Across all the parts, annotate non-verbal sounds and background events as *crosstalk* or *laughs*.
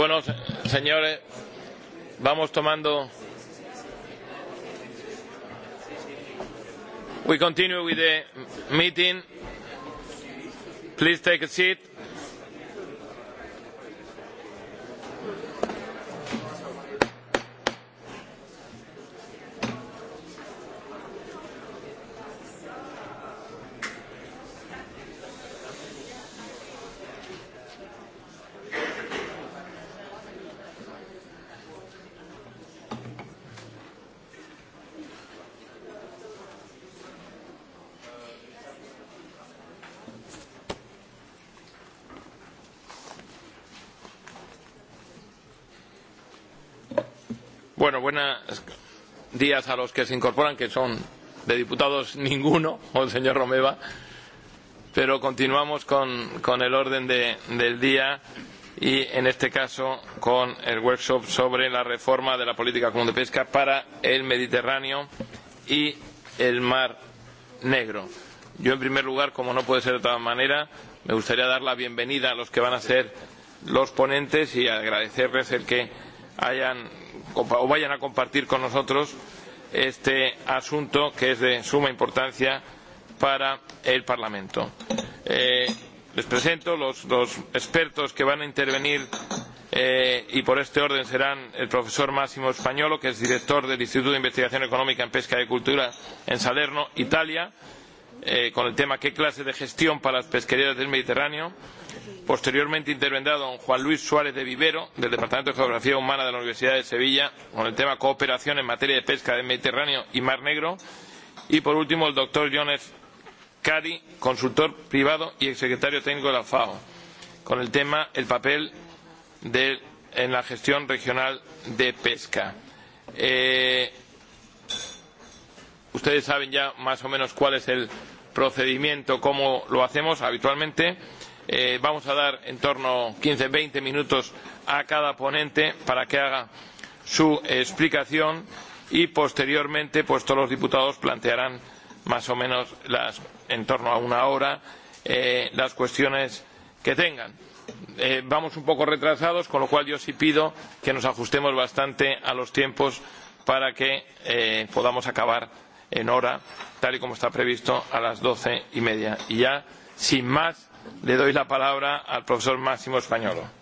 Bueno, señores, vamos tomando. We continue with the meeting. Please take a seat. buenos días a los que se incorporan que son de diputados *laughs* ninguno o el señor Romeva pero continuamos con, con el orden de, del día y en este caso con el workshop sobre la reforma de la política común de pesca para el Mediterráneo y el Mar Negro. Yo, en primer lugar, como no puede ser de otra manera, me gustaría dar la bienvenida a los que van a ser los ponentes y agradecerles el que hayan o vayan a compartir con nosotros este asunto que es de suma importancia para el Parlamento. Eh, les presento los, los expertos que van a intervenir eh, y por este orden serán el profesor Máximo Españolo, que es director del Instituto de Investigación Económica en Pesca y Cultura en Salerno, Italia, eh, con el tema ¿Qué clase de gestión para las pesquerías del Mediterráneo? posteriormente intervendrá don juan luis suárez de vivero del departamento de geografía humana de la universidad de sevilla con el tema cooperación en materia de pesca del mediterráneo y mar negro y por último el doctor jones cady consultor privado y exsecretario técnico de la fao con el tema el papel de, en la gestión regional de pesca. Eh, ustedes saben ya más o menos cuál es el procedimiento, cómo lo hacemos habitualmente. Eh, vamos a dar en torno a quince veinte minutos a cada ponente para que haga su explicación y posteriormente pues, todos los diputados plantearán más o menos las, en torno a una hora eh, las cuestiones que tengan. Eh, vamos un poco retrasados, con lo cual yo sí pido que nos ajustemos bastante a los tiempos para que eh, podamos acabar en hora, tal y como está previsto, a las doce y media. Y ya, sin más, le doy la palabra al profesor máximo españolo.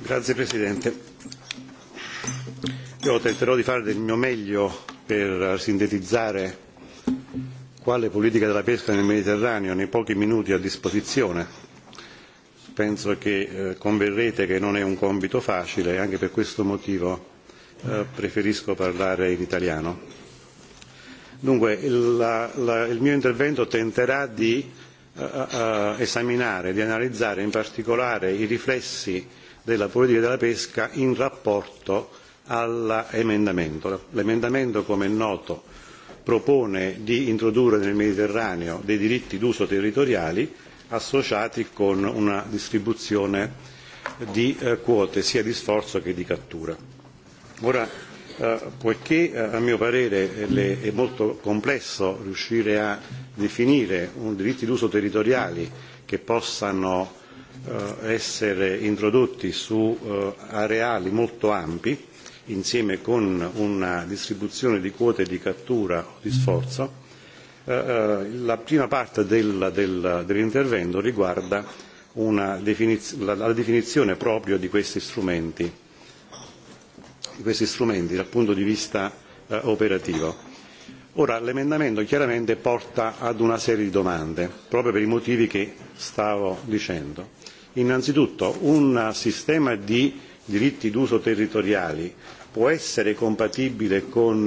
Grazie Presidente. Io tenterò di fare del mio meglio per sintetizzare quale politica della pesca nel Mediterraneo nei pochi minuti a disposizione. Penso che eh, converrete che non è un compito facile e anche per questo motivo eh, preferisco parlare in italiano. Eh, Dunque, il, la, la, il mio intervento tenterà di uh, uh, esaminare, di analizzare in particolare i riflessi della politica della pesca in rapporto all'emendamento. L'emendamento, come è noto, propone di introdurre nel Mediterraneo dei diritti d'uso territoriali associati con una distribuzione di eh, quote sia di sforzo che di cattura. Ora, Eh, poiché eh, a mio parere è molto complesso riuscire a definire un diritti d'uso territoriali che possano eh, essere introdotti su areali molto ampi insieme con una distribuzione di quote di cattura o di sforzo, la prima parte del, del, dell'intervento riguarda una definiz- la, la definizione proprio di questi strumenti questi strumenti dal punto di vista eh, operativo. Ora, l'emendamento chiaramente porta ad una serie di domande, proprio per i motivi che stavo dicendo. Innanzitutto, un sistema di diritti d'uso territoriali può essere compatibile con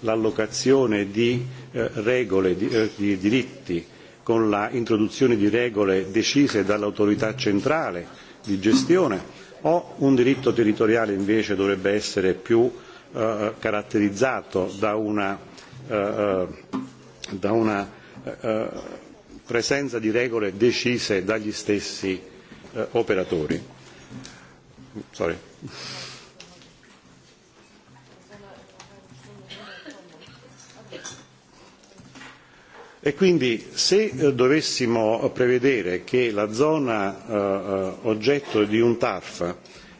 l'allocazione di eh, regole, di, eh, di diritti, con l'introduzione di regole decise dall'autorità centrale di gestione o un diritto territoriale invece dovrebbe essere più eh, caratterizzato da una, eh, eh da una eh, eh, presenza di regole decise dagli stessi eh, operatori. Sorry. E quindi se eh, dovessimo prevedere che la zona eh, eh oggetto di un TARF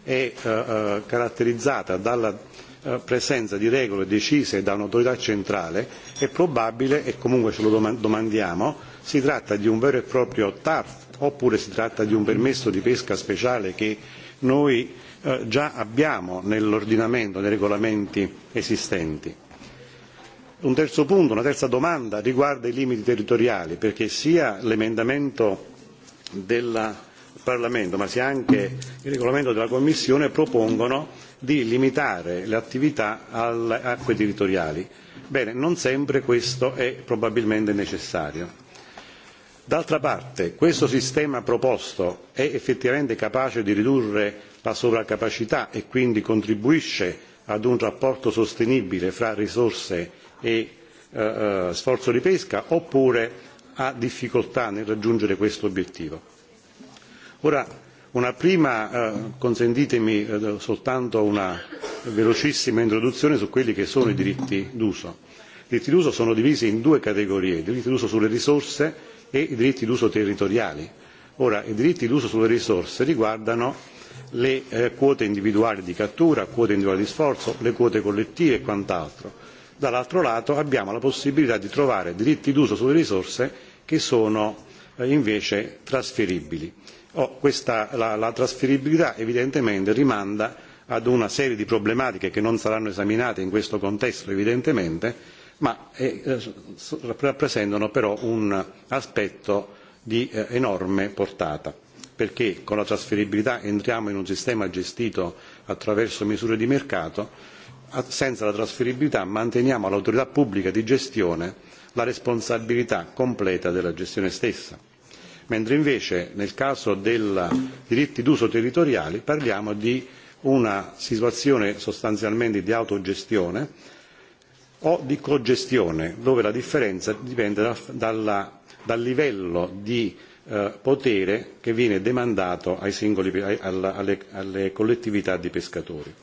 è eh, eh, caratterizzata dalla eh, presenza di regole decise da un'autorità centrale, è probabile, e comunque ce lo domandiamo, si tratta di un vero e proprio TARF oppure si tratta di un permesso di pesca speciale che noi eh, già abbiamo nell'ordinamento, nei regolamenti esistenti un terzo punto una terza domanda riguarda i limiti territoriali perché sia l'emendamento del parlamento ma sia anche il regolamento della commissione propongono di limitare le attività alle acque territoriali bene non sempre questo è probabilmente necessario d'altra parte questo sistema proposto è effettivamente capace di ridurre la sovracapacità e quindi contribuisce ad un rapporto sostenibile fra risorse e eh, eh, sforzo di pesca oppure ha difficoltà nel raggiungere questo obiettivo. Eh, consentitemi soltanto una velocissima introduzione su quelli che sono i diritti d'uso. i diritti d'uso sono divisi in due categorie i diritti d'uso sulle risorse e i diritti d'uso territoriali. Ora, i diritti d'uso sulle risorse riguardano le eh, quote individuali di cattura, quote individuali di sforzo, le quote collettive e quant'altro dall'altro lato abbiamo la possibilità di trovare diritti d'uso sulle risorse che sono eh, invece trasferibili. Oh, la trasferibilità evidentemente rimanda a una serie di problematiche che non saranno esaminate in questo contesto evidentemente ma eh, rappresentano però un aspetto di eh, enorme portata perché con la trasferibilità entriamo in un sistema gestito attraverso misure di mercato senza la trasferibilità manteniamo all'autorità pubblica di gestione la responsabilità completa della gestione stessa mentre invece nel caso dei diritti d'uso territoriali parliamo di una situazione sostanzialmente di autogestione o di cogestione dove la differenza dipende dal livello di eh, potere che viene demandato alle collettività di pescatori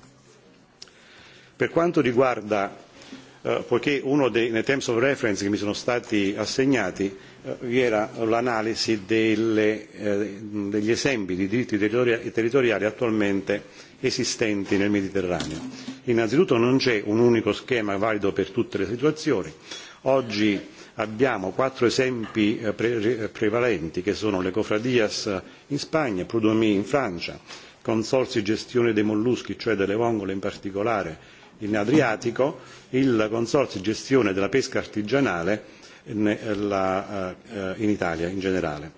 per quanto riguarda eh, poiché uno dei nei terms of reference che mi sono stati assegnati eh, vi era l'analisi delle, eh, degli esempi di diritti territoriali attualmente esistenti nel Mediterraneo. Innanzitutto non c'è un unico schema valido per tutte le situazioni. Oggi abbiamo quattro esempi pre- prevalenti che sono le Cofradias in Spagna, Prudomi in Francia, consorsi di gestione dei molluschi, cioè delle vongole in particolare in adriatico il consorzio di gestione della pesca artigianale eh, in italia in generale.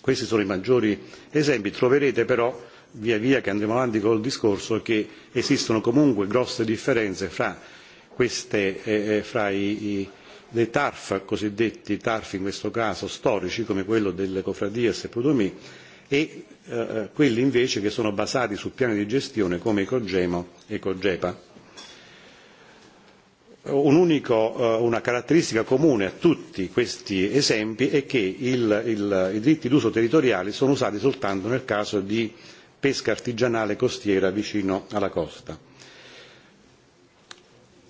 questi sono i maggiori esempi troverete però via via che andremo avanti col discorso che esistono comunque grosse differenze fra queste eh, eh fra i, i dei TARF, cosiddetti TARF in questo caso storici come quello delle Cofradias e Prudomì, e eh, eh, quelli invece che sono basati su piani di gestione come Cogemo e Cogepa. Eh, un unico, eh, una caratteristica comune a tutti questi esempi è che il, il, i diritti d'uso territoriali sono usati soltanto nel caso di pesca artigianale costiera vicino alla costa.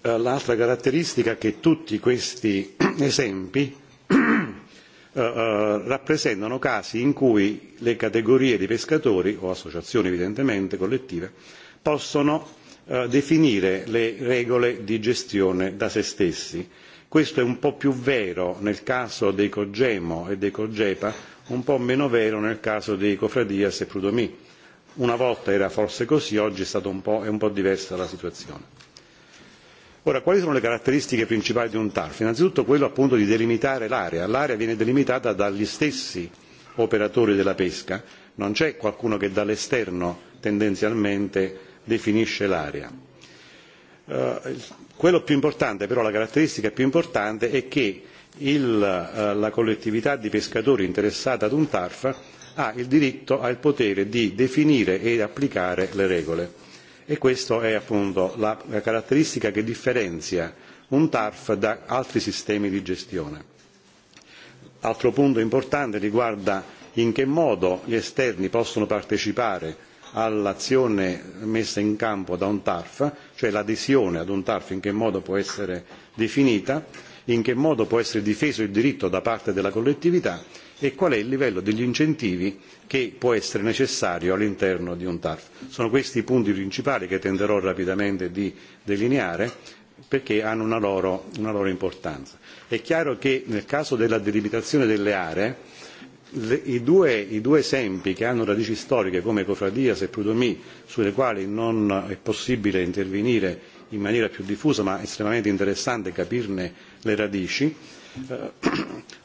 Eh, l'altra caratteristica è che tutti questi *clears throat* esempi Uh, *clears throat* rappresentano casi in cui le categorie di pescatori o associazioni evidentemente collettive possono Eh, definire le regole di gestione da se stessi. questo è un po' più vero nel caso dei cogemo e dei cogepa un po' meno vero nel caso dei cofradias e prudomi. una volta era forse così oggi è, stato un po', è un po' diversa la situazione. Ora, quali sono le caratteristiche principali di un TARF? Innanzitutto quello appunto di delimitare l'area. L'area viene delimitata dagli stessi operatori della pesca, non c'è qualcuno che dall'esterno tendenzialmente eh, definisce l'area. Eh, quello più importante, però, la caratteristica più importante è che il, eh, la collettività di pescatori interessata ad un TARF ha il diritto, ha il potere di definire e applicare le regole. E questa è appunto la caratteristica che differenzia un TARF da altri sistemi di gestione. Altro punto importante riguarda in che modo gli esterni possono partecipare all'azione messa in campo da un TARF, cioè l'adesione ad un TARF in che modo può essere definita, in che modo può essere difeso il diritto da parte della collettività e qual è il livello degli incentivi che può essere necessario all'interno di un TARF. Sono questi i punti principali che tenderò rapidamente di delineare perché hanno una loro, una loro importanza. È chiaro che nel caso della delimitazione delle aree le, i, due, I due esempi che hanno radici storiche come Cofradias e Prudomì, sulle quali non è possibile intervenire in maniera più diffusa ma estremamente interessante capirne le radici, eh,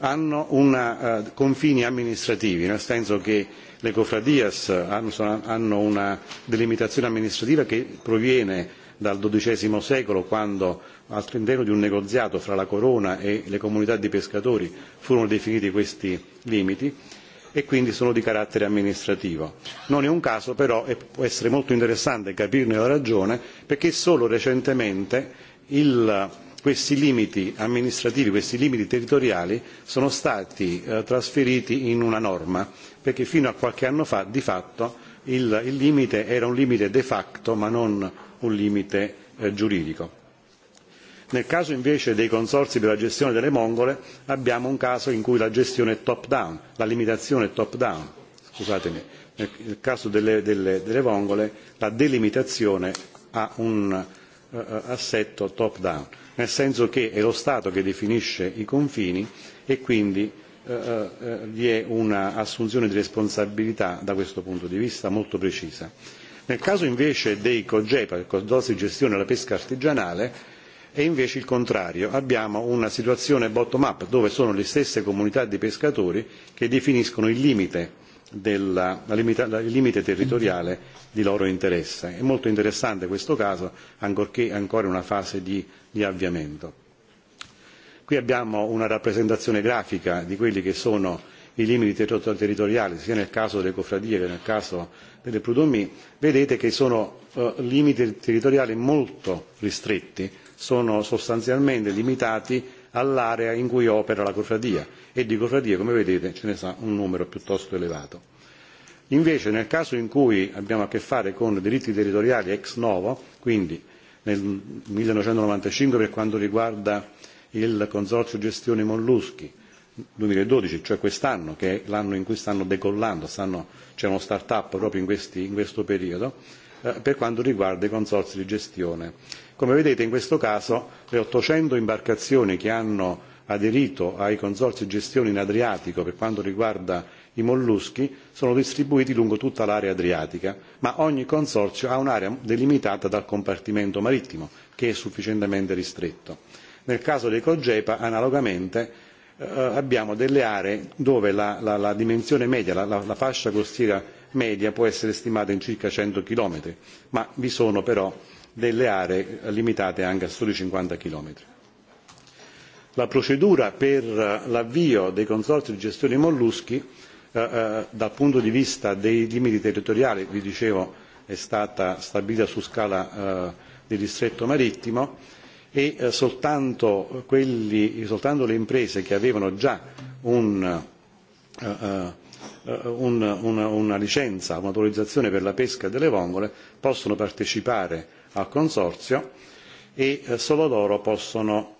*clears throat* hanno una, eh, confini amministrativi, nel senso che le Cofradias hanno, hanno una delimitazione amministrativa che proviene dal xii secolo quando all'interno di un negoziato fra la corona e le comunità di pescatori furono definiti questi limiti e quindi sono di carattere amministrativo. Non è un caso però e può essere molto interessante capirne la ragione perché solo recentemente il, questi limiti amministrativi, questi limiti territoriali sono stati eh, trasferiti in una norma perché fino a qualche anno fa di fatto il, il limite era un limite de facto ma non un limite eh, giuridico. Nel caso invece dei consorzi per la gestione delle mongole abbiamo un caso in cui la gestione è top down, la limitazione è top down, scusatemi, nel caso delle, delle, delle mongole la delimitazione ha un uh, assetto top down, nel senso che è lo Stato che definisce i confini e quindi uh, uh, vi è un'assunzione di responsabilità da questo punto di vista molto precisa. Nel caso invece dei COGEPA, il costo di gestione della pesca artigianale, è e invece il contrario. Abbiamo una situazione bottom-up, dove sono le stesse comunità di pescatori che definiscono il limite, della, la limita, il limite territoriale di loro interesse. È molto interessante questo caso, ancorché ancora in una fase di, di avviamento. Qui abbiamo una rappresentazione grafica di quelli che sono i limiti territoriali, sia nel caso delle cofradie che nel caso delle prud'homie vedete che sono eh, limiti territoriali molto ristretti sono sostanzialmente limitati all'area in cui opera la cofradia e di cofradie come vedete ce ne sta un numero piuttosto elevato. invece nel caso in cui abbiamo a che fare con diritti territoriali ex novo quindi nel millenovecentonovantacinque per quanto riguarda il consorzio gestione molluschi 2012, cioè quest'anno, che è l'anno in cui stanno decollando, stanno, c'è uno start-up proprio in, questi, in questo periodo, eh, per quanto riguarda i consorzi di gestione. Come vedete in questo caso le 800 imbarcazioni che hanno aderito ai consorzi di gestione in Adriatico per quanto riguarda i molluschi sono distribuiti lungo tutta l'area adriatica, ma ogni consorzio ha un'area delimitata dal compartimento marittimo, che è sufficientemente ristretto. Nel caso dei Cogepa, analogamente, eh, abbiamo delle aree dove la, la, la dimensione media, la, la, la fascia costiera media può essere stimata in circa 100 km, ma vi sono però delle aree limitate anche a soli 50 km. La procedura per eh, l'avvio dei consorzi di gestione dei molluschi eh, eh, dal punto di vista dei limiti territoriali, vi dicevo, è stata stabilita su scala eh, di distretto marittimo, eh, e eh, soltanto, quelli, soltanto le imprese che avevano già un, uh, uh, un, una, una licenza, un'autorizzazione per la pesca delle vongole possono partecipare al consorzio e solo loro possono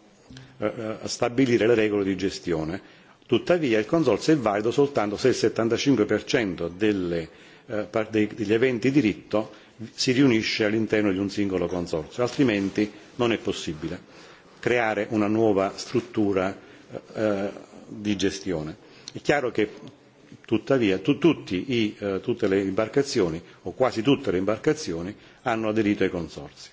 uh, stabilire le regole di gestione. Tuttavia il consorzio è valido soltanto se il 75% delle, uh, degli eventi diritto si riunisce all'interno di un singolo consorzio, altrimenti non è possibile creare una nuova struttura eh, eh, di gestione. È chiaro che tuttavia tu, tutti i, eh, tutte le imbarcazioni o quasi tutte le imbarcazioni hanno aderito ai consorzi.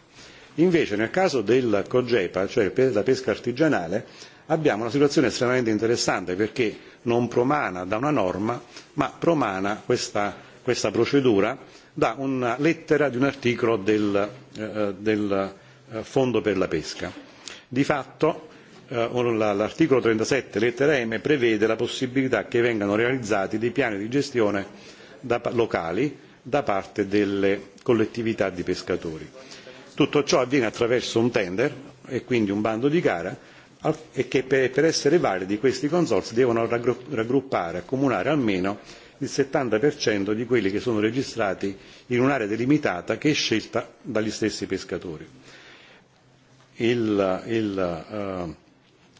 Invece nel caso del COGEPA, cioè della pesca artigianale, abbiamo una situazione estremamente interessante perché non promana da una norma, ma promana questa, questa procedura da una lettera di un articolo del, eh, del eh, Fondo per la pesca. Di fatto eh, l'articolo 37 lettera M prevede la possibilità che vengano realizzati dei piani di gestione da, locali da parte delle collettività di pescatori. Tutto ciò avviene attraverso un tender e quindi un bando di gara e che per essere validi questi consorsi devono raggruppare e accumulare almeno il settanta di quelli che sono registrati in un'area delimitata che è scelta dagli stessi pescatori. il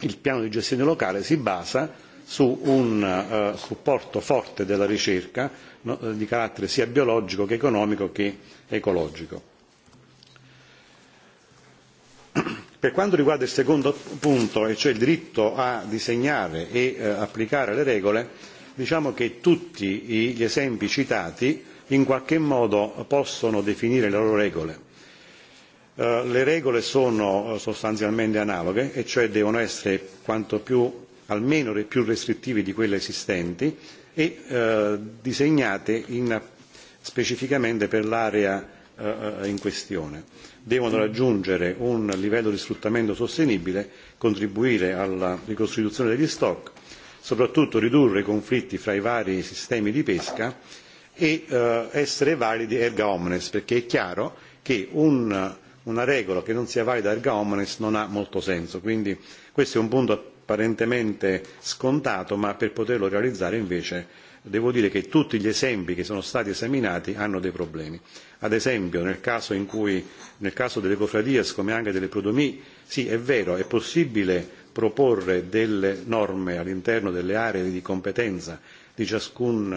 eh, piano di gestione locale si basa su un eh, supporto forte della ricerca no, eh, di carattere sia biologico che economico che ecologico. Per quanto riguarda il secondo punto, e cioè il diritto a disegnare e applicare le regole, diciamo che tutti gli esempi citati in qualche modo possono definire le loro regole. Eh, le regole sono eh, sostanzialmente analoghe e cioè devono essere quanto più almeno le più restrittive di quelle esistenti e eh, disegnate in, specificamente per l'area in questione. Devono raggiungere un livello di sfruttamento sostenibile, contribuire alla ricostituzione degli stock soprattutto ridurre i conflitti fra i vari sistemi di pesca e eh, essere validi erga omnes perché è chiaro che una regola che non sia valida erga omnes non ha molto senso quindi questo è un punto apparentemente scontato ma per poterlo realizzare invece devo dire che tutti gli esempi che sono stati esaminati hanno dei problemi ad esempio nel caso in cui nel caso delle cofradias come anche delle prodomie sì è vero è possibile proporre delle norme all'interno delle aree di competenza di ciascun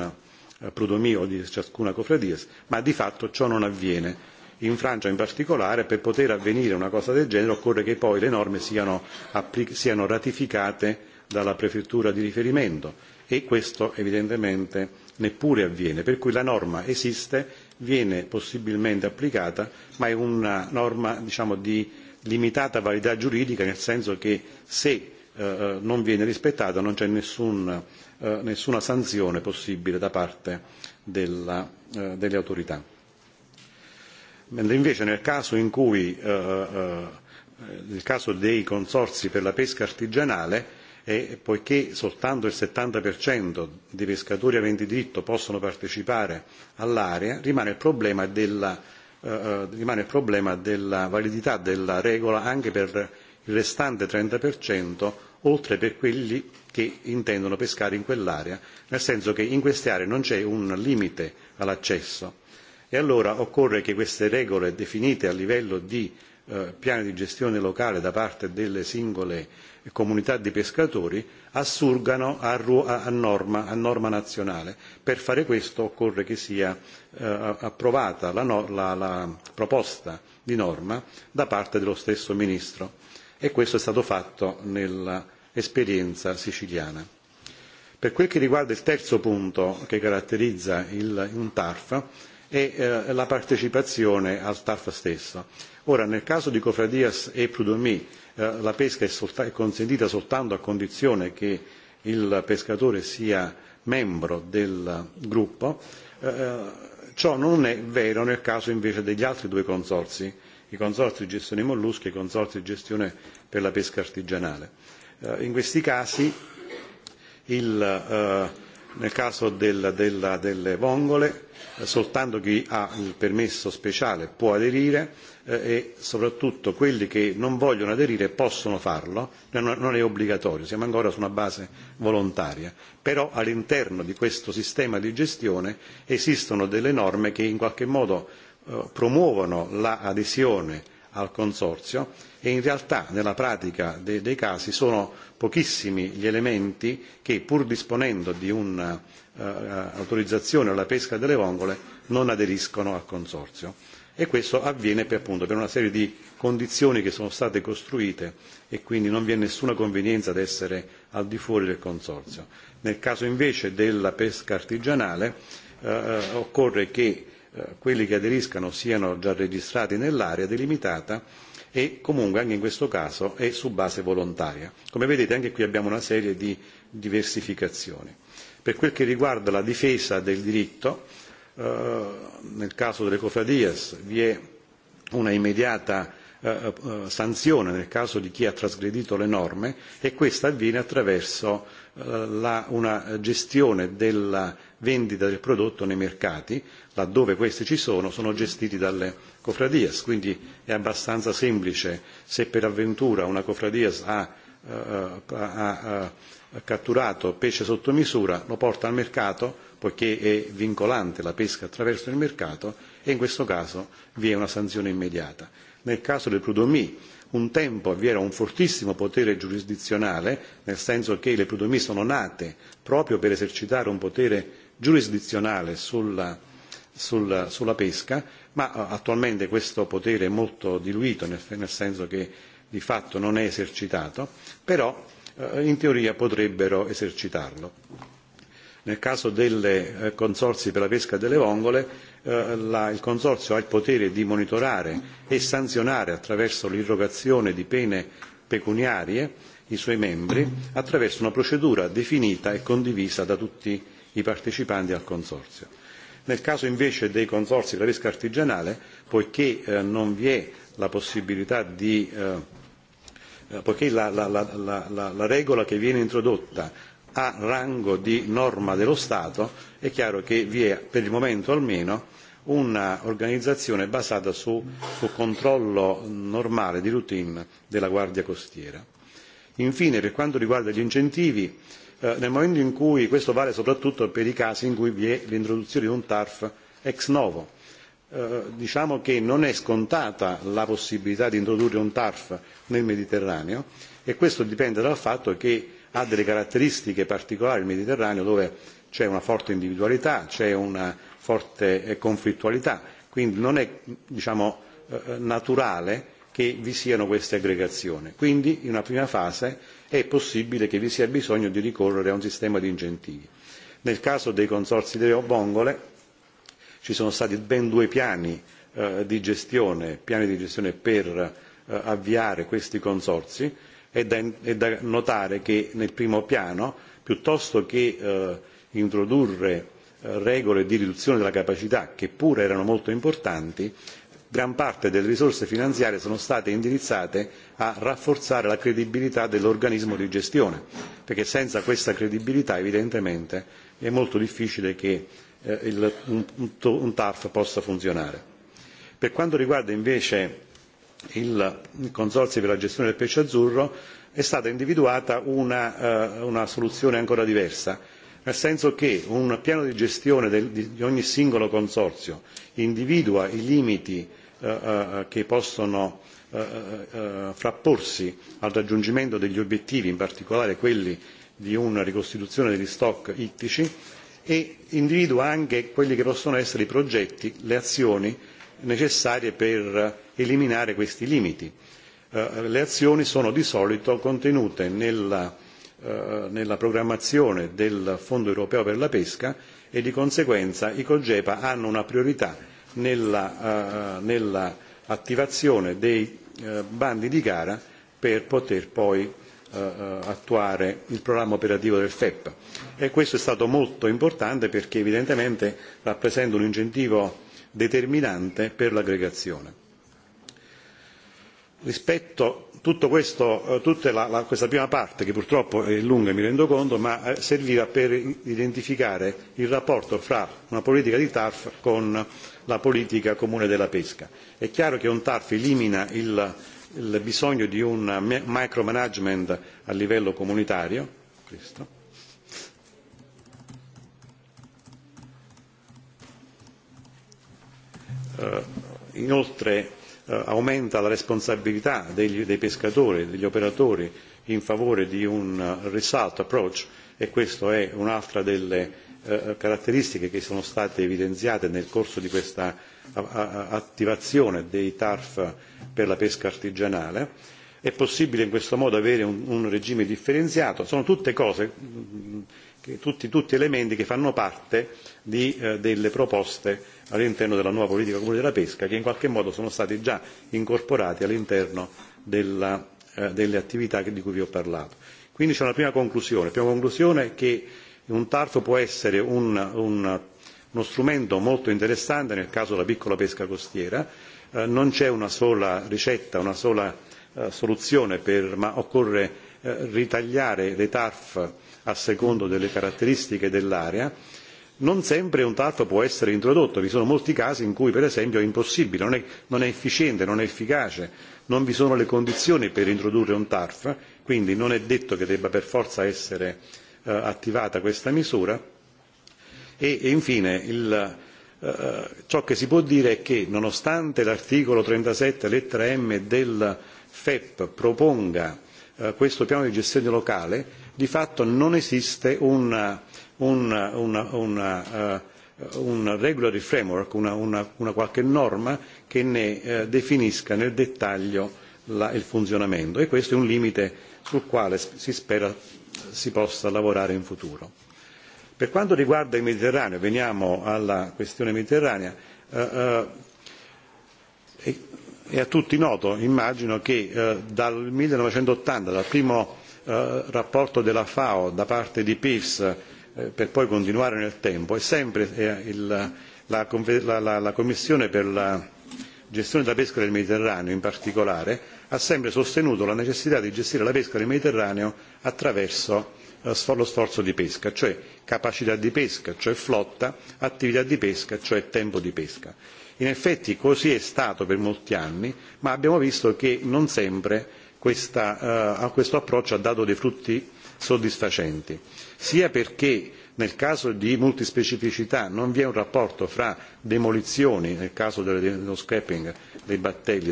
eh, prudomio o di ciascuna cofradies, ma di fatto ciò non avviene. In Francia in particolare per poter avvenire una cosa del genere occorre che poi le norme siano, siano ratificate dalla prefettura di riferimento e questo evidentemente neppure avviene, per cui la norma esiste, viene possibilmente applicata, ma è una norma diciamo, di limitata validità giuridica, nel senso che se eh, eh, non viene rispettata non c'è nessun, eh, nessuna sanzione possibile da parte della, eh, delle autorità. Mentre invece nel caso in cui eh, eh, nel caso dei consorsi per la pesca artigianale, e poiché soltanto il 70% dei pescatori aventi diritto possono partecipare all'area, rimane il problema della Eh, eh, rimane il problema della validità della regola anche per il restante 30%, oltre per quelli che intendono pescare in quell'area, nel senso che in queste aree non c'è un limite all'accesso. E allora occorre che queste regole definite a livello di Eh, piani di gestione locale da parte delle singole comunità di pescatori assurgano a norma nazionale. per fare questo occorre che sia eh, approvata no, la proposta di norma da parte dello stesso ministro e questo è stato fatto nell'esperienza siciliana. per quel che riguarda il terzo punto che caratterizza un tarf e eh, la partecipazione al TAF stesso. ora nel caso di cofradias e prudomi eh, la pesca è consentita soltanto a condizione che il pescatore sia membro del gruppo eh, ciò non è vero nel caso invece degli altri due consorzi i consorzi di gestione molluschi e i consorzi di gestione per la pesca artigianale. in questi casi il nel caso della, della, delle vongole eh, soltanto chi ha il permesso speciale può aderire eh, e soprattutto quelli che non vogliono aderire possono farlo, non, non è obbligatorio, siamo ancora su una base volontaria, però all'interno di questo sistema di gestione esistono delle norme che in qualche modo eh, promuovono l'adesione la al consorzio e in realtà nella pratica de- dei casi sono pochissimi gli elementi che pur disponendo di un'autorizzazione eh, eh, uh, alla pesca delle vongole non aderiscono al consorzio e questo avviene per, appunto, per una serie di condizioni che sono state costruite e quindi non vi è nessuna convenienza ad essere al di fuori del consorzio. Nel caso invece della pesca artigianale eh, eh occorre che Eh, quelli che aderiscano siano già registrati nell'area delimitata e comunque anche in questo caso è su base volontaria. Come vedete anche qui abbiamo una serie di diversificazioni. Per quel che riguarda la difesa del diritto, eh, nel caso delle cofradias vi è una immediata eh, eh, sanzione nel caso di chi ha trasgredito le norme e questa avviene attraverso Eh, una gestione della vendita del prodotto nei mercati laddove questi ci sono sono gestiti dalle cofradias quindi è abbastanza semplice se per avventura una cofradias ha, uh, ha, ha catturato pesce sotto misura lo porta al mercato poiché è vincolante la pesca attraverso il mercato e in questo caso vi è una sanzione immediata. Nel caso del Prudomì un tempo e vi era un fortissimo potere giurisdizionale nel senso che le plutonie sono nate proprio per esercitare un potere giurisdizionale sulla, sulla, sulla pesca ma eh, attualmente questo potere è molto diluito nel, nel senso che di fatto non è esercitato però eh, in teoria potrebbero esercitarlo nel caso dei eh, consorzi per la pesca delle vongole eh, il consorzio ha il potere di monitorare e sanzionare attraverso l'irrogazione di pene pecuniarie i suoi membri attraverso una procedura definita e condivisa da tutti i partecipanti al consorzio. Nel caso invece dei consorzi per la pesca artigianale, poiché eh, non vi è la possibilità di. poiché la, la, la, la, la regola che viene introdotta ha rango di norma dello Stato, è chiaro che vi è, per il momento almeno, un'organizzazione basata su, su controllo normale di routine della Guardia Costiera. Infine, per quanto riguarda gli incentivi, eh, nel momento in cui questo vale soprattutto per i casi in cui vi è l'introduzione di un TARF ex novo, eh, diciamo che non è scontata la possibilità di introdurre un TARF nel Mediterraneo e questo dipende dal fatto che ha delle caratteristiche particolari il mediterraneo dove c'è una forte individualità c'è una forte eh, conflittualità quindi non è eh, eh, naturale che vi siano queste aggregazioni quindi in una prima fase è possibile che vi sia bisogno di ricorrere a un sistema di incentivi. Nel caso dei consorzi delle obongole ci sono stati ben due piani di gestione, piani di gestione per avviare questi consorzi è da notare che nel primo piano piuttosto che eh, introdurre eh, regole di riduzione della capacità che pure erano molto importanti gran parte delle risorse finanziarie sono state indirizzate a rafforzare la credibilità dell'organismo di gestione perché senza questa credibilità evidentemente è molto difficile che eh, il, un, un TAF possa funzionare. Per quanto riguarda invece il consorzio per la gestione del pesce azzurro è stata individuata una eh, soluzione ancora diversa nel senso che un piano di gestione di ogni singolo consorzio individua i limiti eh, eh, che possono frapporsi al raggiungimento degli obiettivi in particolare quelli di una ricostituzione degli stock ittici e individua anche quelli che possono essere i progetti le azioni necessarie per eliminare questi limiti. Eh, le azioni sono di solito contenute eh, nella programmazione del fondo europeo per la pesca e di conseguenza i cogepa hanno una priorità nell'attivazione eh, dei bandi di gara per poter poi attuare il programma operativo del FEP e questo è stato molto importante perché evidentemente rappresenta un incentivo determinante per l'aggregazione. Rispetto tutto questo, eh, tutta la, la, questa prima parte, che purtroppo è lunga e mi rendo conto, ma eh, serviva per identificare il rapporto fra una politica di TARF con la politica comune della pesca. È chiaro che un TARF elimina il, il bisogno di un micromanagement a livello comunitario, questo, Eh, inoltre eh, aumenta la responsabilità degli, dei pescatori, degli operatori in favore di un result approach e questa è un'altra delle eh, caratteristiche che sono state evidenziate nel corso di questa a, a, attivazione dei TARF per la pesca artigianale. È possibile in questo modo avere un, un regime differenziato, sono tutte cose, mh, mm, che, tutti, tutti elementi che fanno parte di, eh, delle proposte all'interno della nuova politica comune della pesca che in qualche modo sono stati già incorporati all'interno della, eh, delle attività di cui vi ho parlato. Quindi c'è una prima conclusione, prima conclusione che un TARF può essere un, un, uno strumento molto interessante nel caso della piccola pesca costiera, eh, non c'è una sola ricetta, una sola eh, soluzione, per, ma occorre eh, ritagliare le TARF a secondo delle caratteristiche dell'area non sempre un tap può essere introdotto vi sono molti casi in cui per esempio è impossibile non è, non è efficiente non è efficace non vi sono le condizioni per introdurre un tap quindi non è detto che debba per forza essere eh, attivata questa misura e, e infine il, eh, eh ciò che si può dire è che nonostante l'articolo 37 lettera m del FEP proponga eh, questo piano di gestione locale di fatto non esiste una una, una, una, uh, eh, un regulatory framework, una, una, una qualche norma che ne uh, definisca nel dettaglio la, il funzionamento e questo è un limite sul quale si spera si possa lavorare in futuro. Per quanto riguarda il Mediterraneo, veniamo alla questione mediterranea, eh, eh, è e, e a tutti noto, immagino, che eh, dal 1980, dal primo eh, rapporto della FAO da parte di PIFS Eh, per poi continuare nel tempo è sempre eh, la commissione per la gestione della pesca del mediterraneo in particolare ha sempre sostenuto la necessità di gestire la pesca nel mediterraneo attraverso eh, lo sforzo di pesca cioè capacità di pesca cioè flotta attività di pesca cioè tempo di pesca. in effetti così è stato per molti anni ma abbiamo visto che non sempre questa, uh, questo approccio ha dato dei frutti soddisfacenti sia perché nel caso di multispecificità non vi è un rapporto fra demolizioni nel caso dello scrapping dei battelli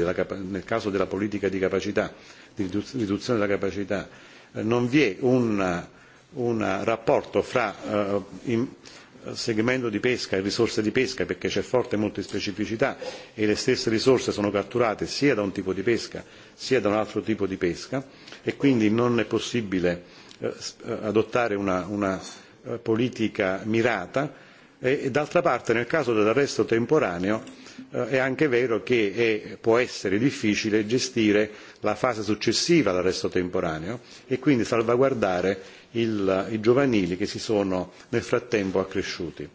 nel caso della politica di capacità di riduzione della capacità eh, non vi è un rapporto fra eh, segmento di pesca e risorse di pesca perché c'è forte multispecificità e le stesse risorse sono catturate sia da un tipo di pesca sia da un altro tipo di pesca e quindi non è possibile Eh, eh, adottare una eh, politica mirata e, e d'altra parte nel caso dell'arresto temporaneo è anche vero che può essere difficile gestire la fase successiva all'arresto temporaneo e quindi salvaguardare i giovanili che si sono nel frattempo accresciuti.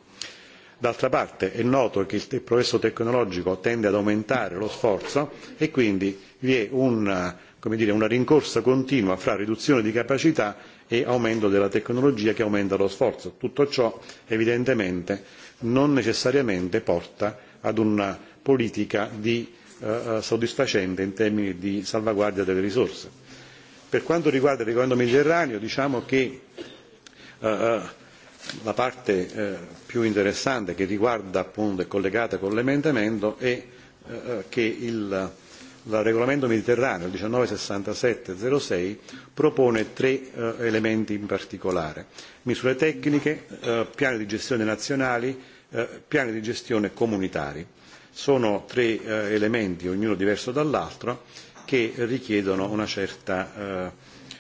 d'altra parte è noto che il progresso tecnologico tende ad aumentare lo sforzo e quindi vi è una rincorsa continua fra riduzione di capacità e aumento della tecnologia che aumenta lo sforzo. Tutto ciò evidentemente non necessariamente porta ad una politica di, eh, eh soddisfacente in termini di salvaguardia delle risorse. Per quanto riguarda il regolamento mediterraneo diciamo che eh, eh, la parte eh, più interessante che riguarda appunto e collegata con l'emendamento è eh, eh che il, eh, il regolamento mediterraneo il millenovecentosessantasettesei propone tre eh, elementi in particolare misure tecniche eh, piani di gestione nazionali eh, piani di gestione comunitari. sono tre elementi ognuno diverso dall'altro che richiedono una certa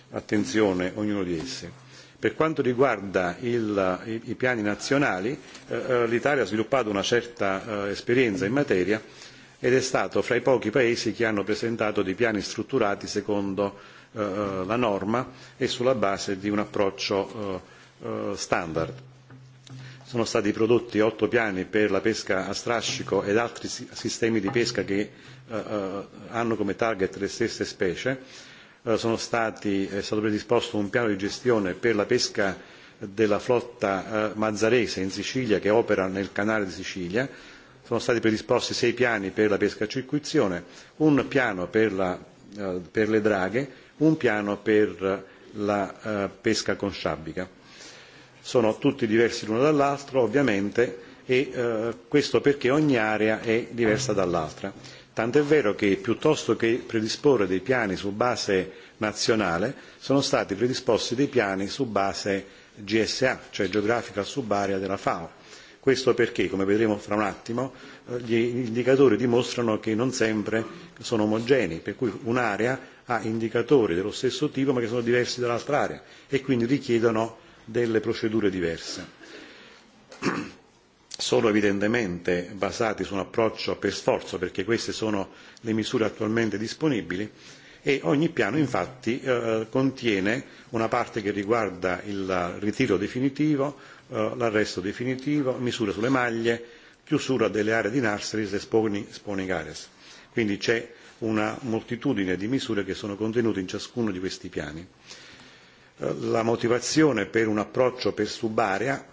attenzione ognuno di essi. per quanto riguarda il, i, i piani nazionali eh, l'Italia ha sviluppato una certa eh, esperienza in materia ed è stato fra i pochi paesi che hanno presentato dei piani strutturati secondo eh, eh la norma e sulla base di un approccio eh, eh, standard. Sono stati prodotti otto piani per la pesca a strascico ed altri sistemi di pesca che eh, eh, hanno come target le stesse specie. Eh, sono stati, è stato predisposto un piano di gestione per la pesca della flotta eh, mazzarese in Sicilia che opera nel canale di Sicilia. Eh, sono stati predisposti sei piani per la pesca a circuizione un piano per eh, le draghe un piano per la eh, pesca con sciabica. sono tutti diversi l'uno dall'altro ovviamente e eh, questo perché ogni area è diversa dall'altra. Tant'è vero che piuttosto che predisporre dei piani su base nazionale sono stati predisposti dei piani su base GSA, cioè Geographical Subarea della FAO. Questo perché, come vedremo fra un attimo, eh, gli indicatori dimostrano che non sempre sono omogenei, per cui un'area ha indicatori dello stesso tipo ma che sono diversi dall'altra area e quindi richiedono delle procedure diverse. *clears throat* Sono evidentemente basati su un approccio per sforzo perché queste sono le misure attualmente disponibili e ogni piano infatti eh, contiene una parte che riguarda il ritiro definitivo, Eh, l'arresto definitivo, misure sulle maglie, chiusura delle aree di nurseries e spawning areas. Quindi c'è una moltitudine di misure che sono contenute in ciascuno di questi piani. Eh, la motivazione per un approccio per subarea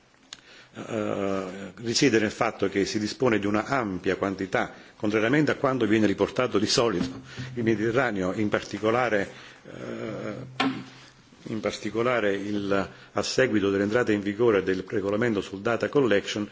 *clears throat* eh, risiede nel fatto che si dispone di una ampia quantità, contrariamente a quanto viene riportato di solito il Mediterraneo, in particolare in particolare il, a seguito dell'entrata in vigore del regolamento sul data collection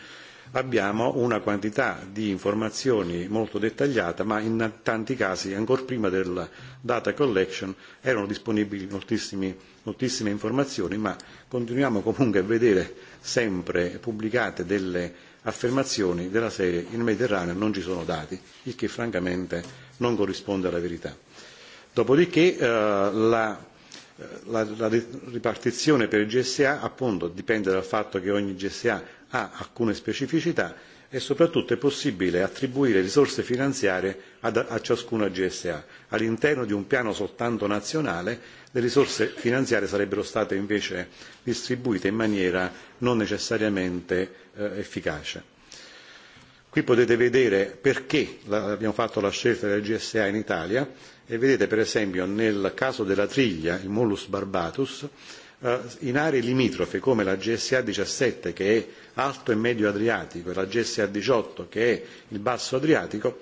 abbiamo una quantità di informazioni molto dettagliata ma in tanti casi ancora prima del data collection erano disponibili moltissime informazioni ma continuiamo comunque a vedere sempre pubblicate delle affermazioni della serie il Mediterraneo non ci sono dati il che francamente non corrisponde alla verità dopodiché eh, la la, la ripartizione per il GSA appunto dipende dal fatto che ogni GSA ha alcune specificità e soprattutto è possibile attribuire risorse finanziarie ad, a ciascuna GSA. All'interno di un piano soltanto nazionale le risorse finanziarie sarebbero state invece distribuite in maniera non necessariamente eh, efficace. Qui potete vedere perché abbiamo fatto la scelta del GSA in Italia e vedete per esempio nel caso della triglia, il Mollus barbatus, eh, in aree limitrofe come la GSA 17 che è alto e medio adriatico e la GSA 18 che è il basso adriatico,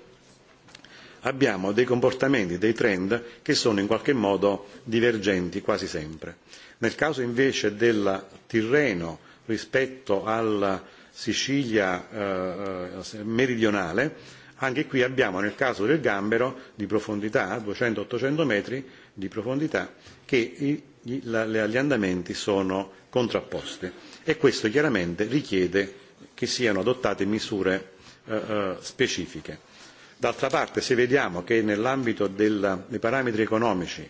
abbiamo dei comportamenti, dei trend che sono in qualche modo divergenti quasi sempre. Nel caso invece del Tirreno rispetto al Sicilia eh, eh, meridionale, anche qui abbiamo nel caso del gambero di profondità, 200-800 metri di profondità, che gli, gli, gli andamenti sono contrapposti e questo chiaramente richiede che siano adottate misure eh, eh, specifiche. D'altra parte, se vediamo che nell'ambito del, dei parametri economici,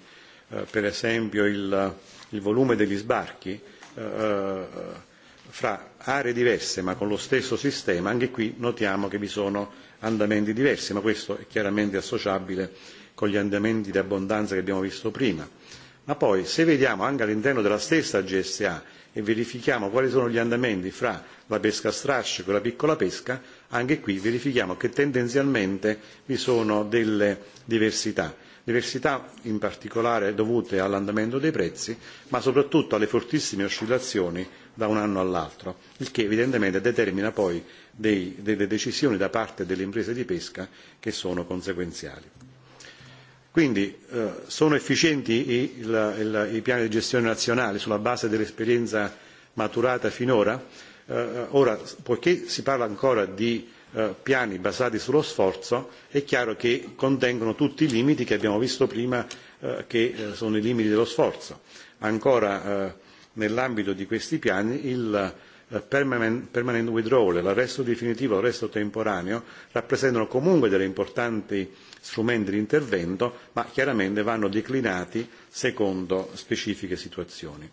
eh, per esempio il, il volume degli sbarchi, eh, eh fra aree diverse ma con lo stesso sistema, anche qui notiamo che vi sono andamenti diversi, ma questo è chiaramente associabile con gli andamenti di abbondanza che abbiamo visto prima. Ma poi se vediamo anche all'interno della stessa GSA e verifichiamo quali sono gli andamenti fra la pesca strascico e la piccola pesca, anche qui verifichiamo che tendenzialmente vi sono delle diversità. Diversità in particolare dovute all'andamento dei prezzi, ma soprattutto alle fortissime oscillazioni da un anno all'altro, il che evidentemente determina poi dei, delle decisioni da parte delle imprese di pesca che sono conseguenziali. Quindi eh, sono efficienti i, il, il, i piani di gestione nazionali sulla base dell'esperienza maturata finora? Eh, ora, poiché si parla ancora di eh, piani basati sullo sforzo, è chiaro che contengono tutti i limiti che abbiamo visto prima eh, che eh, sono i limiti dello sforzo. Ancora eh, nell'ambito di questi piani il eh, permanent withdrawal l'arresto definitivo l'arresto temporaneo rappresentano comunque degli importanti strumenti di intervento ma chiaramente vanno declinati secondo specifiche situazioni.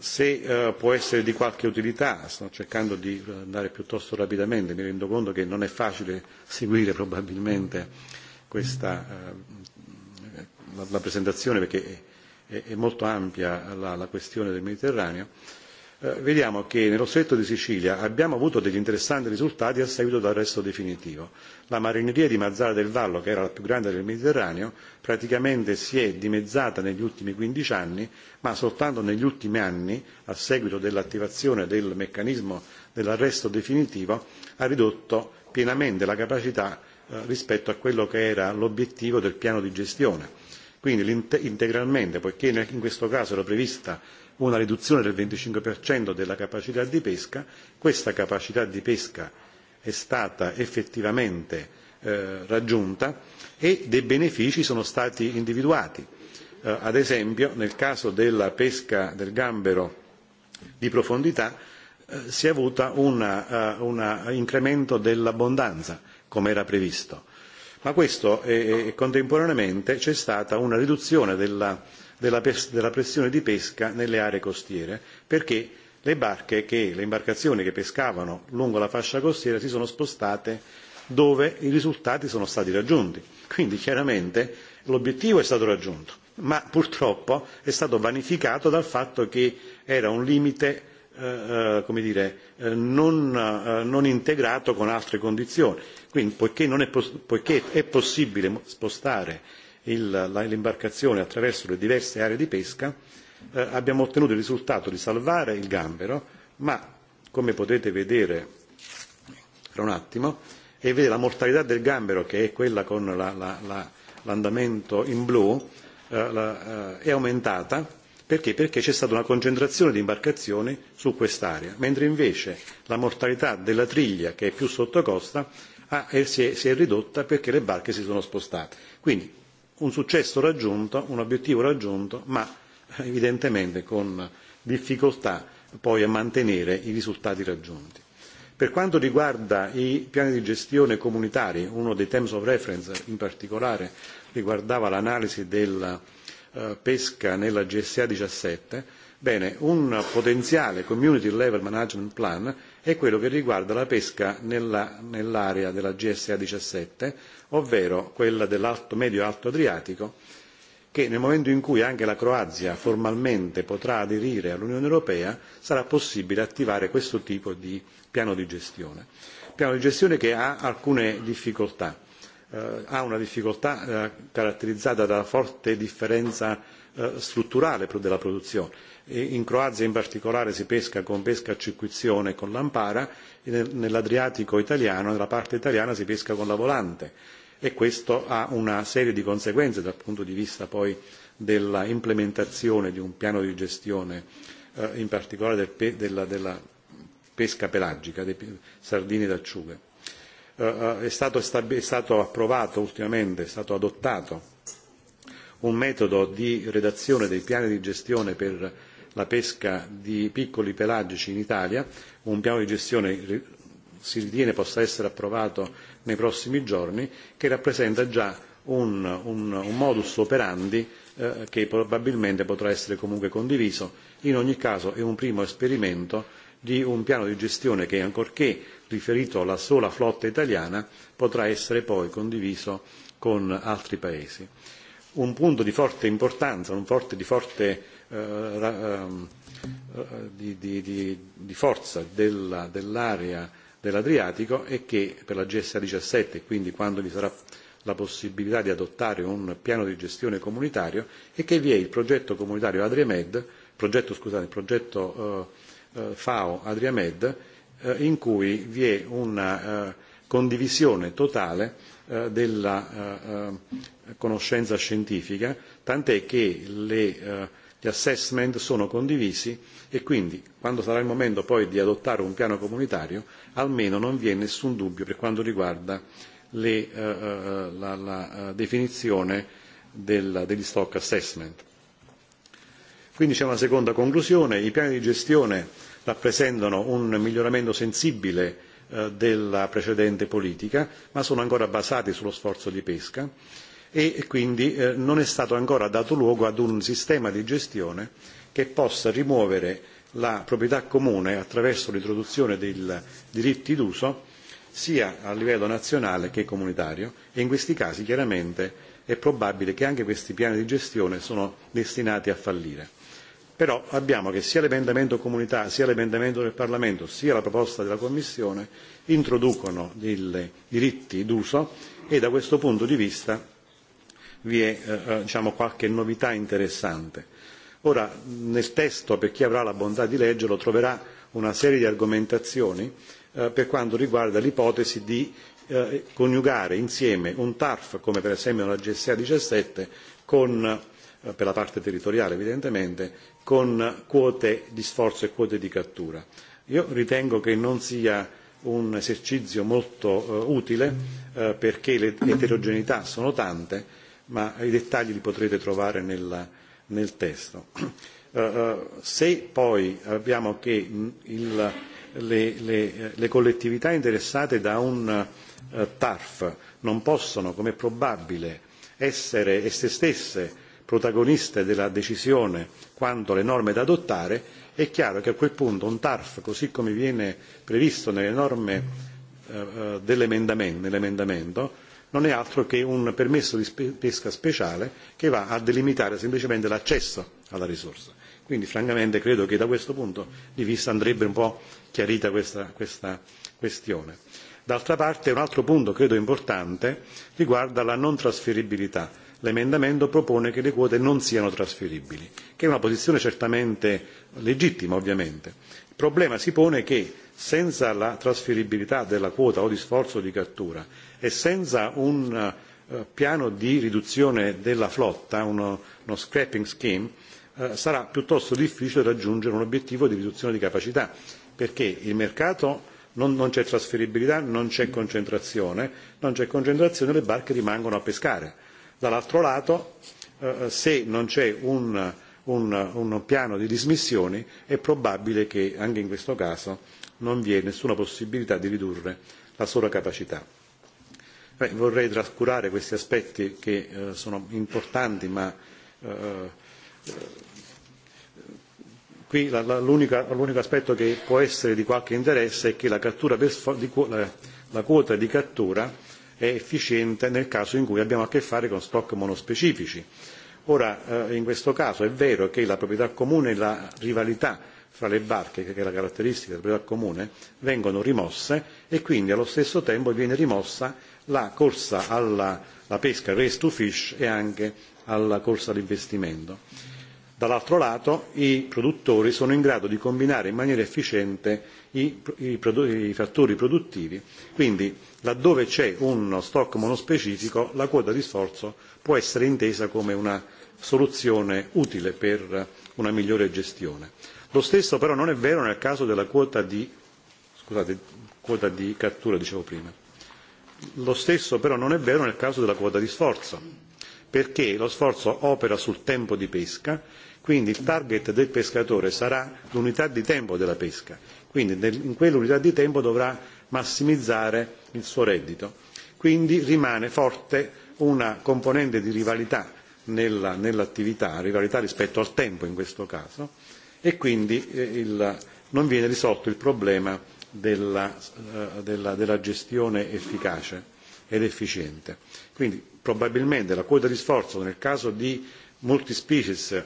Se eh, può essere di qualche utilità, sto cercando di eh, andare piuttosto rapidamente, mi rendo conto che non è facile seguire probabilmente questa, eh, la, la presentazione perché è molto ampia la, la questione del Mediterraneo, eh, vediamo che nello stretto di Sicilia abbiamo avuto degli interessanti risultati a seguito del resto definitivo. La marineria di Mazzara del Vallo, che era la più grande del Mediterraneo, praticamente si è dimezzata negli ultimi 15 anni, ma soltanto negli ultimi anni, a seguito dell'attivazione del meccanismo dell'arresto definitivo, ha ridotto pienamente la capacità eh, rispetto a quello che era l'obiettivo del piano di gestione quindi integralmente poiché in questo caso era prevista una riduzione del venticinque della capacità di pesca questa capacità di pesca è stata effettivamente eh, raggiunta e dei benefici sono stati individuati eh, ad esempio nel caso della pesca del gambero di profondità eh, si è avuto un incremento dell'abbondanza come era previsto ma eh, eh, contemporaneamente c'è stata una riduzione della pressione di pesca nelle aree costiere perché le imbarcazioni che pescavano lungo la fascia costiera si sono spostate dove i risultati sono stati raggiunti quindi chiaramente l'obiettivo è stato raggiunto ma purtroppo è stato vanificato dal fatto che era un limite eh, eh come dire, non, eh, non integrato con altre condizioni quindi poiché è possibile spostare l'imbarcazione attraverso le diverse aree di pesca eh, abbiamo ottenuto il risultato di salvare il gambero ma come potete vedere tra un attimo e vede la mortalità del gambero che è quella con la, la, la, l'andamento in blu eh, la, eh, è aumentata perché? perché c'è stata una concentrazione di imbarcazioni su quest'area mentre invece la mortalità della triglia che è più sottocosta ah, e si, è, si è ridotta perché le barche si sono spostate. Quindi un successo raggiunto, un obiettivo raggiunto, ma eh, evidentemente con difficoltà poi a mantenere i risultati raggiunti. Per quanto riguarda i piani di gestione comunitari, uno dei terms of reference in particolare riguardava l'analisi della eh, pesca nella GSA 17, bene, un potenziale community level management plan eh, è quello che riguarda la pesca nell'area della gsa diciassette ovvero quella del medio alto adriatico che nel momento in cui anche la croazia formalmente potrà aderire all'unione europea sarà possibile attivare questo tipo di piano di gestione piano di gestione che ha alcune difficoltà eh, ha una difficoltà eh, caratterizzata da forte differenza eh, strutturale della produzione E in croazia in particolare si pesca con pesca a circuizione con l'ampara e nell'adriatico italiano nella parte italiana si pesca con la volante e questo ha una serie di conseguenze dal punto di vista poi dell'implementazione di un piano di gestione eh, in particolare del pe- della, della pesca pelagica dei pe- sardini ed acciughe. Uh, è, stato, è stato approvato ultimamente, è stato adottato un metodo di redazione dei piani di gestione per la pesca di piccoli pelagici in italia un piano di gestione che si ritiene possa essere approvato nei prossimi giorni che rappresenta già un modus operandi eh, che probabilmente potrà essere comunque condiviso. in ogni caso è un primo esperimento di un piano di gestione che ancorché riferito alla sola flotta italiana potrà essere poi condiviso con altri paesi. un punto di forte importanza un punto di forte eh, ra, ehm, eh, di, di, di, di forza della, dell'area dell'Adriatico e che per la GSA 17, e quindi quando vi sarà la possibilità di adottare un piano di gestione comunitario e che vi è il progetto comunitario Adriamed, progetto, scusate, il progetto eh, eh FAO Adriamed, eh, in cui vi è una eh, condivisione totale eh, della eh, eh conoscenza scientifica, tant'è che le eh, di assessment sono condivisi e quindi quando sarà il momento poi di adottare un piano comunitario almeno non vi è nessun dubbio per quanto riguarda eh, eh, la eh, definizione degli stock assessment. quindi c'è una seconda conclusione i piani di gestione rappresentano un miglioramento sensibile della precedente politica ma sono ancora basati sullo sforzo di pesca E, e quindi eh, non è stato ancora dato luogo ad un sistema di gestione che possa rimuovere la proprietà comune attraverso l'introduzione dei diritti d'uso sia a livello nazionale che comunitario e in questi casi chiaramente è probabile che anche questi piani di gestione sono destinati a fallire. Però abbiamo che sia l'emendamento comunità, sia l'emendamento del Parlamento, sia la proposta della Commissione introducono dei diritti d'uso e da questo punto di vista vi è eh, eh, diciamo, qualche novità interessante. Ora, nel testo, per chi avrà la bontà di leggerlo, troverà una serie di argomentazioni eh, per quanto riguarda l'ipotesi di eh, coniugare insieme un TARF, come per esempio la GSA 17, con, eh, per la parte territoriale evidentemente, con quote di sforzo e quote di cattura. Io ritengo che non sia un esercizio molto uh, utile uh, perché le eterogeneità sono tante ma i dettagli li potrete trovare nel, nel testo. Uh, *clears throat* se poi abbiamo che mm, il, le, le, le collettività interessate da un uh, TARF non possono, come è probabile, essere esse stesse protagoniste della decisione quanto le norme da adottare, è chiaro che a quel punto un TARF, così come viene previsto nelle norme uh, dell'emendamento, nell'emendamento non è altro che un permesso di pesca speciale che va a delimitare semplicemente l'accesso alla risorsa. quindi francamente credo che da questo punto di vista andrebbe un po' chiarita questa, questa questione. d'altra parte un altro punto credo importante riguarda la non trasferibilità. L'emendamento propone che le quote non siano trasferibili, che è una posizione certamente legittima ovviamente problema si pone che senza la trasferibilità della quota o di sforzo di cattura e senza un eh, piano di riduzione della flotta uno scrapping scheme eh, sarà piuttosto difficile raggiungere un obiettivo di riduzione di capacità perché il mercato non c'è trasferibilità non c'è concentrazione non c'è concentrazione le barche rimangono a pescare dall'altro lato eh, se non c'è un un piano di dismissioni è probabile che anche in questo caso non vi sia nessuna possibilità di ridurre la sovracapacità. vorrei trascurare questi aspetti che eh, sono importanti ma eh, eh, qui l'unico aspetto che può essere di qualche interesse è che la quota di cattura è efficiente nel caso in cui abbiamo a che fare con stock monospecifici ora eh, in questo caso è vero che la proprietà comune e la rivalità fra le banche che è la caratteristica della proprietà comune vengono rimosse e quindi allo stesso tempo viene rimossa la corsa alla la pesca race to fish e anche alla corsa all'investimento. Dall'altro lato i produttori sono in grado di combinare in maniera efficiente i, i, i fattori produttivi, quindi laddove c'è uno stock monospecifico la quota di sforzo può essere intesa come una soluzione utile per una migliore gestione. lo stesso però non è vero nel caso della quota di cattura dicevo prima lo stesso però non è vero nel caso della quota di sforzo perché lo sforzo opera sul tempo di pesca quindi il target del pescatore sarà l'unità di tempo della pesca quindi in quell'unità di tempo dovrà massimizzare il suo reddito quindi rimane forte una componente di rivalità nella, nell'attività, rivalità rispetto al tempo in questo caso, e quindi eh, il, non viene risolto il problema della, eh, della, della gestione efficace ed efficiente. Quindi probabilmente la quota di sforzo nel caso di multispecies eh,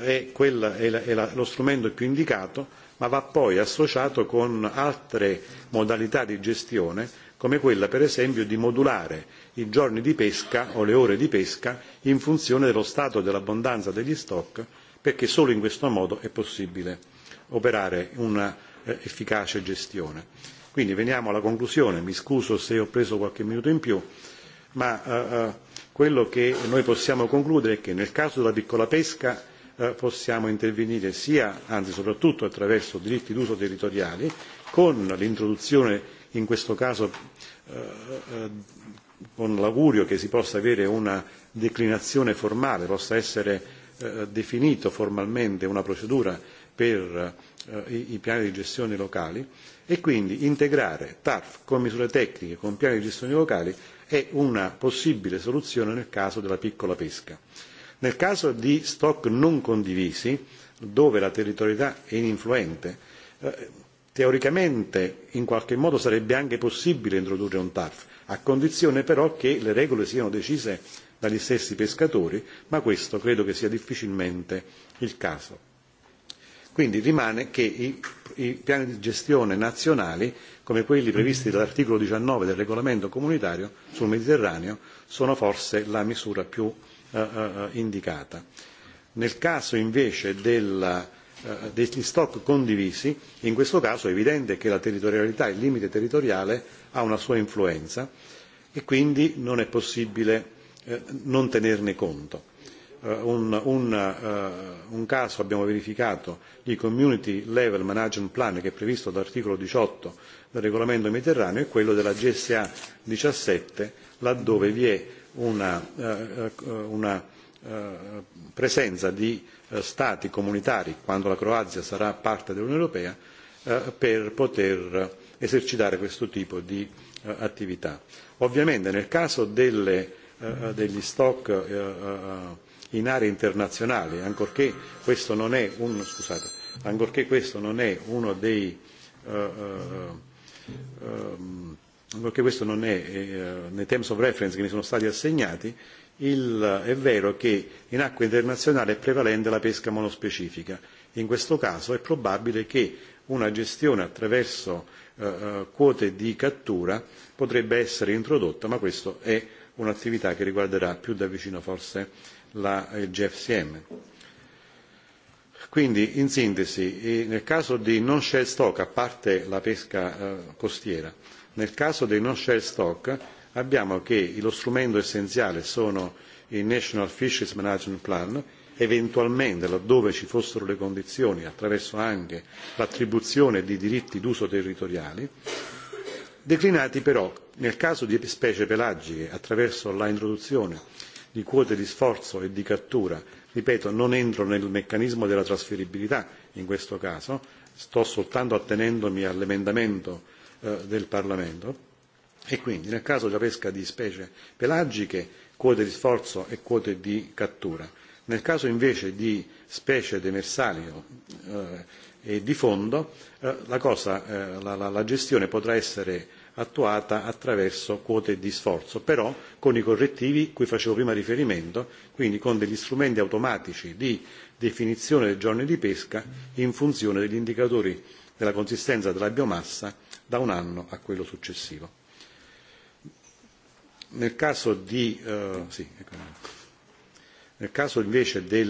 è, quella, è, la, è la, lo strumento più indicato, ma va poi associato con altre modalità di gestione, come quella per esempio di modulare i giorni di pesca o le ore di pesca in funzione dello stato dell'abbondanza degli stock perché solo in questo modo è possibile operare un'efficace eh, gestione. quindi veniamo alla conclusione mi scuso se ho preso qualche minuto in più ma eh, eh, quello che noi possiamo concludere è che nel caso della piccola pesca eh, possiamo intervenire sia anzi soprattutto attraverso diritti d'uso territoriali con l'introduzione in questo caso eh, eh con l'augurio che si possa avere una declinazione formale, possa essere eh, definito formalmente una procedura per eh, i, i piani di gestione locali e quindi integrare TARF con misure tecniche, con piani di gestione locali è una possibile soluzione nel caso della piccola pesca. Nel caso di stock non condivisi, dove la territorialità è ininfluente, eh, teoricamente in qualche modo sarebbe anche possibile introdurre un TARF, a condizione però che le regole siano decise dagli stessi pescatori, ma questo credo che sia difficilmente il caso. Quindi rimane che i, i piani di gestione nazionali, come quelli previsti dall'articolo 19 del regolamento comunitario sul Mediterraneo, sono forse la misura più uh, uh, indicata. Nel caso invece della, uh, Eh, degli stock condivisi in questo caso è evidente che la territorialità il limite territoriale ha una sua influenza e quindi non è possibile eh, non tenerne conto. Eh, un caso abbiamo verificato di community level management plan che è previsto dall'articolo diciotto del regolamento mediterraneo è quello della gsa diciassette laddove vi è una presenza di Eh, stati comunitari quando la croazia sarà parte dell'unione europea eh, per poter eh, esercitare questo tipo di attività. ovviamente nel caso degli stock in aree internazionali ancorché questo non è uno dei ancorché questo non è ehm, nei terms of reference che mi sono stati assegnati Eh, è vero che in acque internazionali è prevalente la pesca monospecifica in questo caso è probabile che una gestione attraverso eh, eh, quote di cattura potrebbe essere introdotta ma questo è un'attività che riguarderà più da vicino forse la eh, GFCM. Quindi, in sintesi, nel caso di non shell stock, a parte la pesca eh, costiera, nel caso dei non shell stock, abbiamo che lo strumento essenziale sono i national fisheries management plan eventualmente laddove ci fossero le condizioni attraverso anche l'attribuzione di diritti d'uso territoriali declinati però nel caso di specie pelagiche attraverso l'introduzione di quote di sforzo e di cattura ripeto non entro nel meccanismo della trasferibilità in questo caso sto soltanto attenendomi all'emendamento eh, del parlamento E quindi nel caso della pesca di specie pelagiche, quote di sforzo e quote di cattura. Nel caso invece di specie demersali eh, e di fondo, eh, la, cosa, eh, la, la, la gestione potrà essere attuata attraverso quote di sforzo, però con i correttivi cui facevo prima riferimento, quindi con degli strumenti automatici di definizione dei giorni di pesca in funzione degli indicatori della consistenza della biomassa da un anno a quello successivo. Nel caso, di, uh, sì, ecco. nel caso invece dei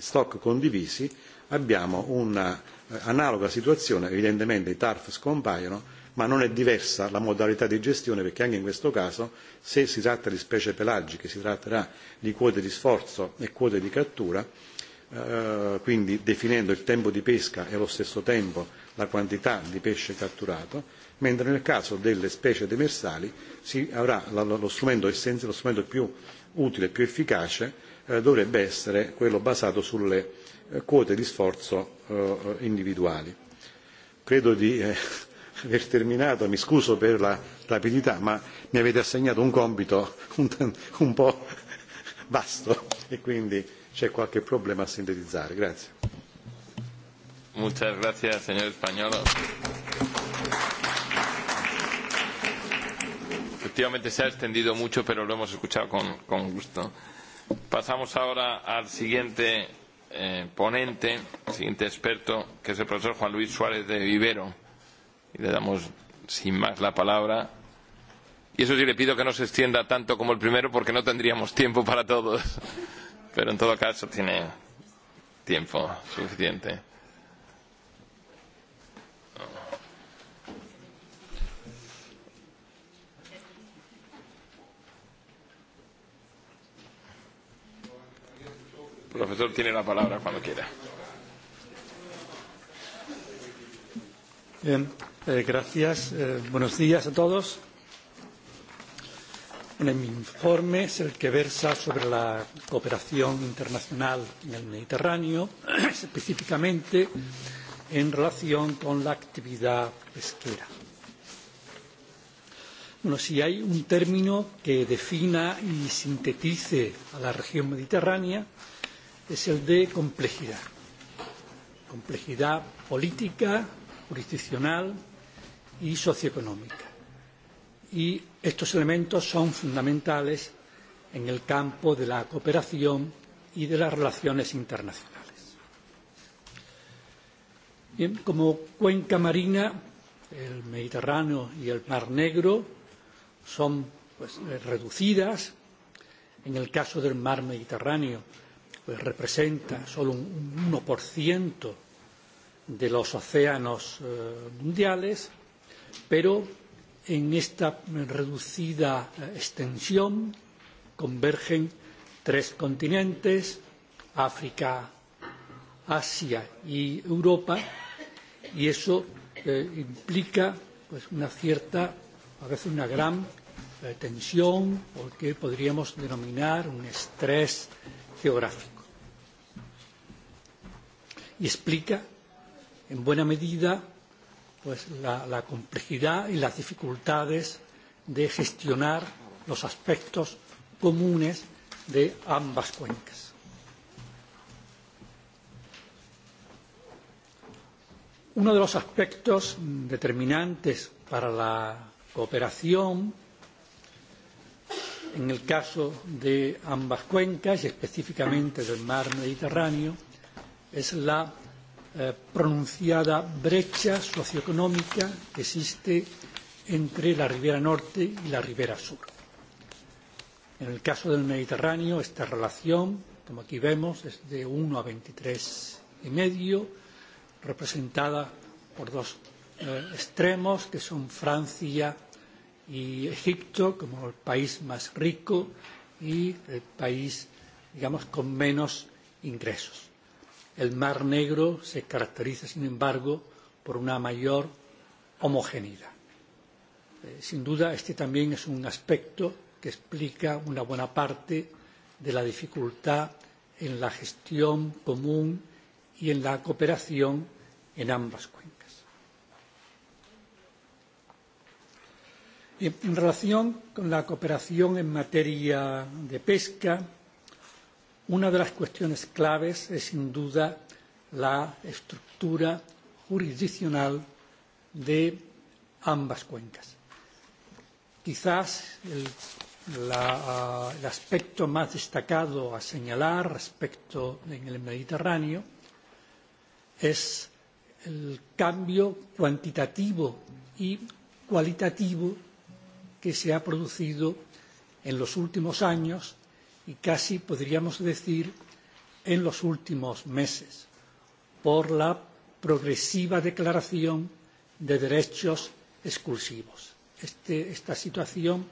stock condivisi abbiamo un'analoga eh, uh, situazione, evidentemente i TARF scompaiono, ma non è diversa la modalità di gestione perché anche in questo caso se si tratta di specie pelagiche si tratterà di quote di sforzo e quote di cattura, uh, quindi definendo il tempo di pesca e allo stesso tempo la quantità di pesce catturato mentre nel caso delle specie demersali si avrà lo strumento, lo strumento più utile e più efficace eh, dovrebbe essere quello basato sulle eh, quote di sforzo eh, individuali. Credo di eh, *laughs* aver terminato, mi scuso per la rapidità, ma mi avete assegnato un compito *laughs* un, un po' vasto e quindi c'è qualche problema a sintetizzare. Grazie. Muchas gracias, señor español. efectivamente se ha extendido mucho, pero lo hemos escuchado con, con gusto. Pasamos ahora al siguiente eh, ponente, siguiente experto, que es el profesor Juan Luis Suárez de Vivero. Y le damos sin más la palabra. Y eso sí, le pido que no se extienda tanto como el primero, porque no tendríamos tiempo para todos. Pero en todo caso, tiene tiempo suficiente. profesor tiene la palabra cuando quiera. Bien, eh, gracias. Eh, buenos días a todos. Bueno, mi informe es el que versa sobre la cooperación internacional en el Mediterráneo, *clears throat* específicamente en relación con la actividad pesquera. Bueno, si hay un término que defina y sintetice a la región mediterránea, es el de complejidad. Complejidad política, jurisdiccional y socioeconómica. Y estos elementos son fundamentales en el campo de la cooperación y de las relaciones internacionales. Bien, como cuenca marina, el Mediterráneo y el Mar Negro son pues, reducidas. En el caso del Mar Mediterráneo, pues representa solo un 1% de los océanos eh, mundiales, pero en esta reducida eh, extensión convergen tres continentes, África, Asia y Europa, y eso eh, implica pues, una cierta, a veces una gran eh, tensión, o que podríamos denominar un estrés geográfico y explica en buena medida pues, la, la complejidad y las dificultades de gestionar los aspectos comunes de ambas cuencas. Uno de los aspectos determinantes para la cooperación en el caso de ambas cuencas y específicamente del mar Mediterráneo es la eh, pronunciada brecha socioeconómica que existe entre la ribera norte y la ribera sur. En el caso del Mediterráneo, esta relación, como aquí vemos, es de 1 a 23 y medio, representada por dos eh, extremos, que son Francia y Egipto, como el país más rico y el país, digamos, con menos ingresos. El Mar Negro se caracteriza, sin embargo, por una mayor homogeneidad. Eh, sin duda, este también es un aspecto que explica una buena parte de la dificultad en la gestión común y en la cooperación en ambas cuencas. Y en relación con la cooperación en materia de pesca, Una de las cuestiones claves es sin duda la estructura jurisdiccional de ambas cuencas. Quizás el, la, el aspecto más destacado a señalar respecto en el Mediterráneo es el cambio cuantitativo y cualitativo que se ha producido en los últimos años y casi podríamos decir en los últimos meses por la progresiva declaración de derechos exclusivos. Este, esta situación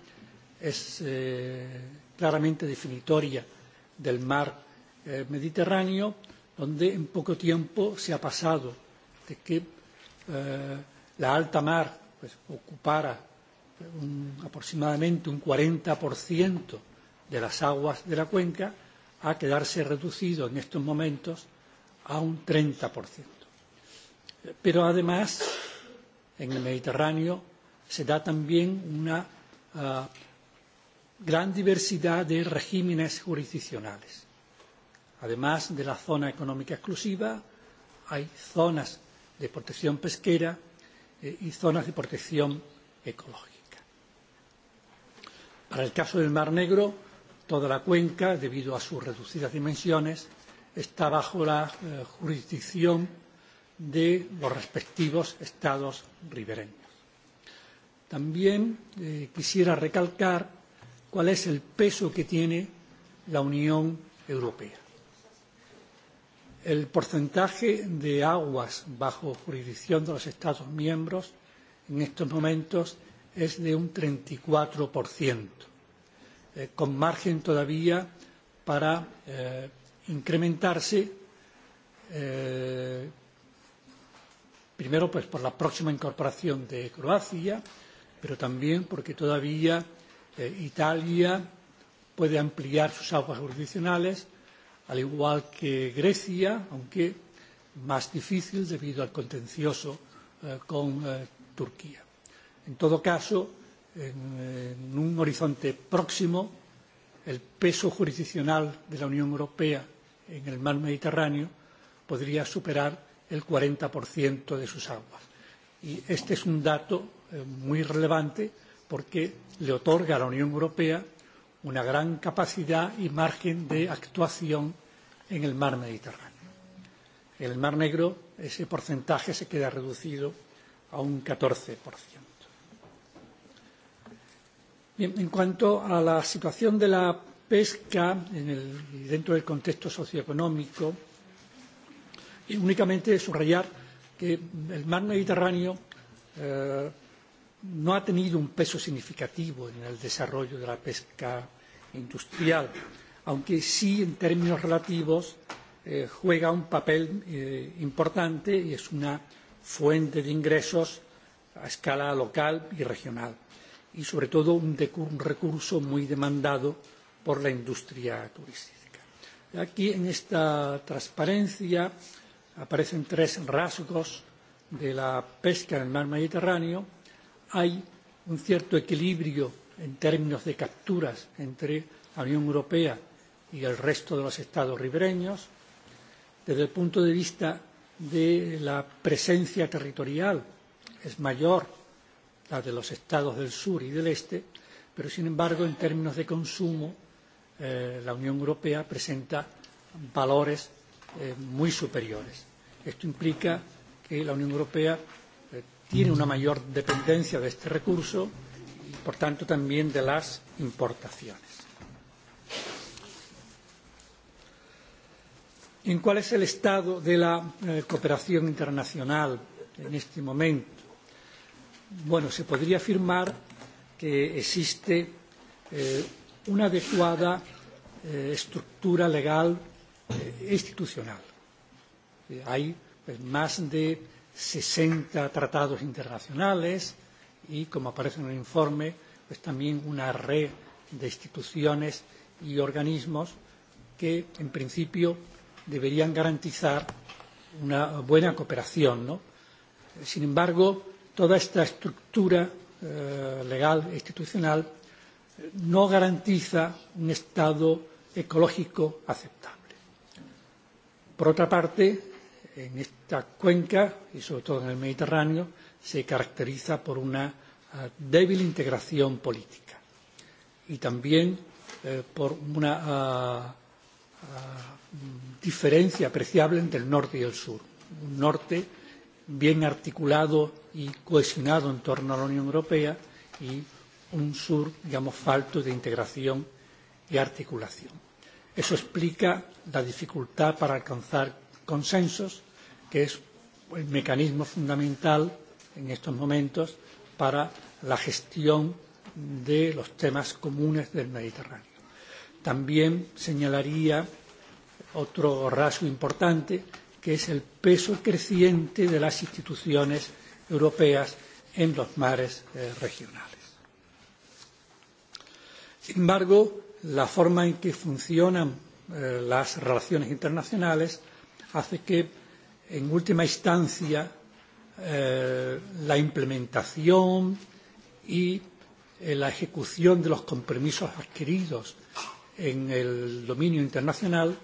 es eh, claramente definitoria del mar eh, Mediterráneo, donde en poco tiempo se ha pasado de que eh, la alta mar pues, ocupara un, aproximadamente un 40 de las aguas de la cuenca a quedarse reducido en estos momentos a un 30%. Pero además, en el Mediterráneo se da también una uh, gran diversidad de regímenes jurisdiccionales. Además de la zona económica exclusiva, hay zonas de protección pesquera eh, y zonas de protección ecológica. Para el caso del Mar Negro, toda la cuenca, debido a sus reducidas dimensiones, está bajo la eh, jurisdicción de los respectivos estados ribereños. También eh, quisiera recalcar cuál es el peso que tiene la Unión Europea. El porcentaje de aguas bajo jurisdicción de los Estados miembros en estos momentos es de un 34 Eh, con margen todavía para eh, incrementarse eh, primero pues por la próxima incorporación de Croacia pero también porque todavía eh, Italia puede ampliar sus aguas jurisdiccionales al igual que Grecia aunque más difícil debido al contencioso eh, con eh, Turquía. En todo caso, en, en un horizonte próximo el peso jurisdiccional de la Unión Europea en el mar Mediterráneo podría superar el 40% de sus aguas. Y este es un dato eh, muy relevante porque le otorga a la Unión Europea una gran capacidad y margen de actuación en el mar Mediterráneo. En el mar Negro ese porcentaje se queda reducido a un 14%. Bien, en cuanto a la situación de la pesca en el, dentro del contexto socioeconómico, y únicamente subrayar que el mar Mediterráneo eh, no ha tenido un peso significativo en el desarrollo de la pesca industrial, aunque sí en términos relativos eh, juega un papel eh, importante y es una fuente de ingresos a escala local y regional. Eh, y sobre todo un, de, un recurso muy demandado por la industria turística. Aquí en esta transparencia aparecen tres rasgos de la pesca en el mar Mediterráneo. Hay un cierto equilibrio en términos de capturas entre la Unión Europea y el resto de los estados ribereños. Desde el punto de vista de la presencia territorial, es mayor la de los estados del sur y del este, pero sin embargo, en términos de consumo, eh, la Unión Europea presenta valores eh, muy superiores. Esto implica que la Unión Europea eh, tiene una mayor dependencia de este recurso y, por tanto, también de las importaciones. ¿En cuál es el estado de la eh, cooperación internacional en este momento? bueno, se podría afirmar que existe eh, una adecuada eh, estructura legal eh, e institucional. Eh, hay pues, más de 60 tratados internacionales y, como aparece en el informe, pues, también una red de instituciones y organismos que, en principio, deberían garantizar una buena cooperación. ¿no? Sin embargo, toda esta estructura eh, legal, institucional, no garantiza un estado ecológico aceptable. Por otra parte, en esta cuenca, y sobre todo en el Mediterráneo, se caracteriza por una eh, débil integración política y también eh, por una ah, ah, diferencia apreciable entre el norte y el sur. Un norte bien articulado y cohesionado en torno a la Unión Europea y un sur, digamos, falto de integración y articulación. Eso explica la dificultad para alcanzar consensos, que es el mecanismo fundamental en estos momentos para la gestión de los temas comunes del Mediterráneo. También señalaría otro rasgo importante, que es el peso creciente de las instituciones europeas en los mares eh, regionales. Sin embargo, la forma en que funcionan eh, las relaciones internacionales hace que, en última instancia, eh, la implementación y eh, la ejecución de los compromisos adquiridos en el dominio internacional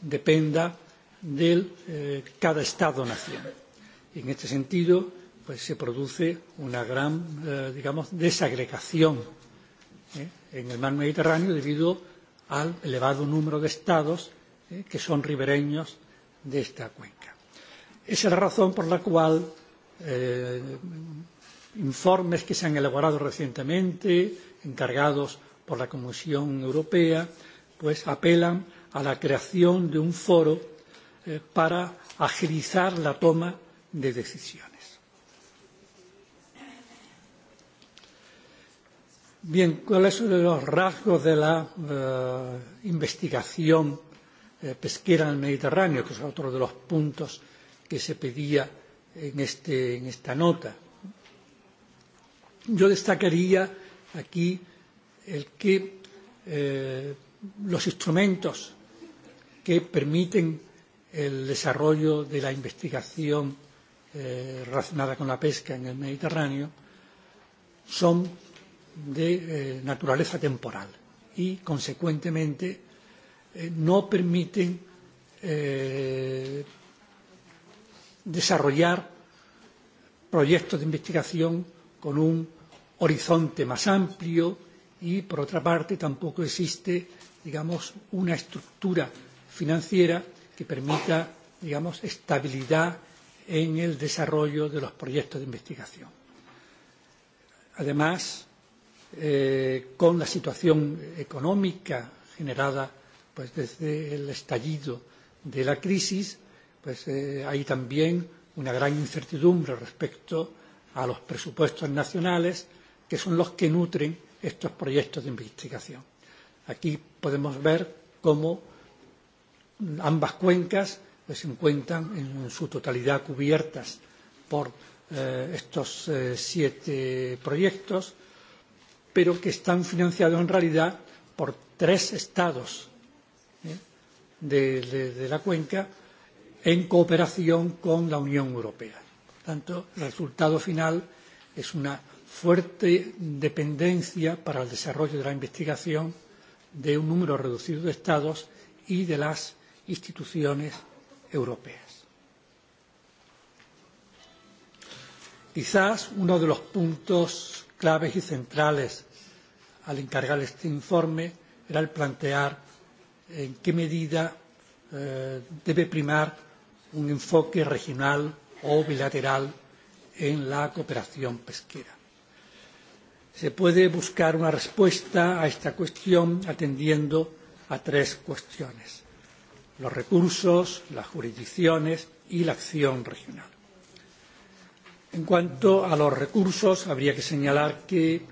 dependa de eh, cada Estado-nación. En este sentido, pues se produce una gran, eh, digamos, desagregación ¿eh? en el mar Mediterráneo debido al elevado número de estados ¿eh? que son ribereños de esta cuenca. Esa es la razón por la cual eh, informes que se han elaborado recientemente, encargados por la Comisión Europea, pues apelan a la creación de un foro eh, para agilizar la toma de decisiones. Bien, ¿cuáles son los rasgos de la eh, investigación eh, pesquera en el Mediterráneo, que es otro de los puntos que se pedía en, este, en esta nota? Yo destacaría aquí el que eh, los instrumentos que permiten el desarrollo de la investigación eh, relacionada con la pesca en el Mediterráneo son de eh, naturaleza temporal y, consecuentemente, eh, no permiten eh, desarrollar proyectos de investigación con un horizonte más amplio y, por otra parte, tampoco existe, digamos, una estructura financiera que permita, digamos, estabilidad en el desarrollo de los proyectos de investigación. Además, Eh, con la situación económica generada pues, desde el estallido de la crisis, pues, eh, hay también una gran incertidumbre respecto a los presupuestos nacionales que son los que nutren estos proyectos de investigación. Aquí podemos ver cómo ambas cuencas pues, se encuentran en su totalidad cubiertas por eh, estos eh, siete proyectos pero que están financiados en realidad por tres estados ¿eh? de, de, de la cuenca en cooperación con la Unión Europea. Por tanto, el resultado final es una fuerte dependencia para el desarrollo de la investigación de un número reducido de estados y de las instituciones europeas. Quizás uno de los puntos claves y centrales al encargar este informe era el plantear en qué medida eh, debe primar un enfoque regional o bilateral en la cooperación pesquera. Se puede buscar una respuesta a esta cuestión atendiendo a tres cuestiones los recursos, las jurisdicciones y la acción regional. En cuanto a los recursos, habría que señalar que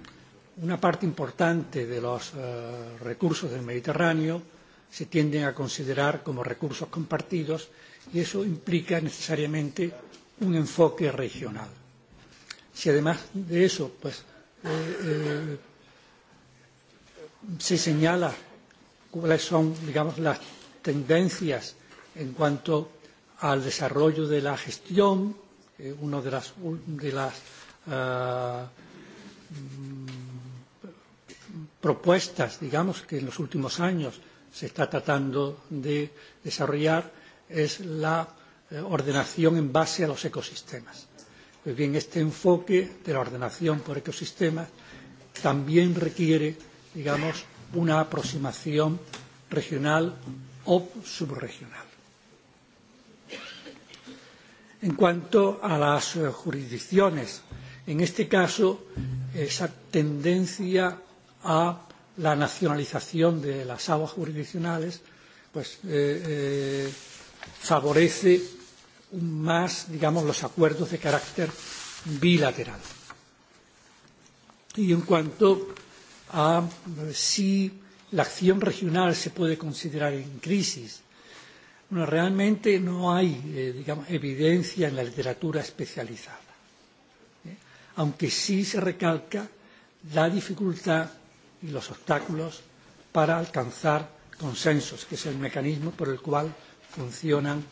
una parte importante de los eh, recursos del Mediterráneo se tienden a considerar como recursos compartidos y eso implica necesariamente un enfoque regional. Si además de eso pues, eh, eh, se señala cuáles son digamos, las tendencias en cuanto al desarrollo de la gestión, eh, una de las, de las uh, propuestas, digamos, que en los últimos años se está tratando de desarrollar es la eh, ordenación en base a los ecosistemas. Pues bien, este enfoque de la ordenación por ecosistemas también requiere, digamos, una aproximación regional o subregional. En cuanto a las jurisdicciones, en este caso, esa tendencia a la nacionalización de las aguas jurisdiccionales, pues eh, eh, favorece más, digamos, los acuerdos de carácter bilateral. Y en cuanto a si la acción regional se puede considerar en crisis, bueno, realmente no hay, eh, digamos, evidencia en la literatura especializada, ¿eh? aunque sí se recalca la dificultad y los obstáculos para alcanzar consensos, que es el mecanismo por el cual funcionan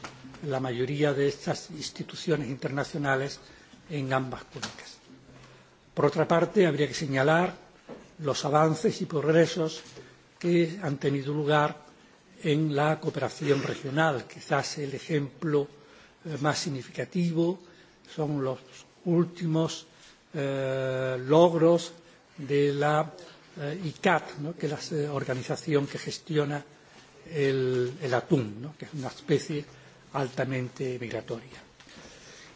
la mayoría de estas instituciones internacionales en ambas cuencas. Por otra parte, habría que señalar los avances y progresos que han tenido lugar en la cooperación regional. Quizás el ejemplo eh, más significativo son los últimos eh, logros de la eh, ICAT, ¿no? que es la eh, organización que gestiona el, el atún, ¿no? que es una especie altamente migratoria.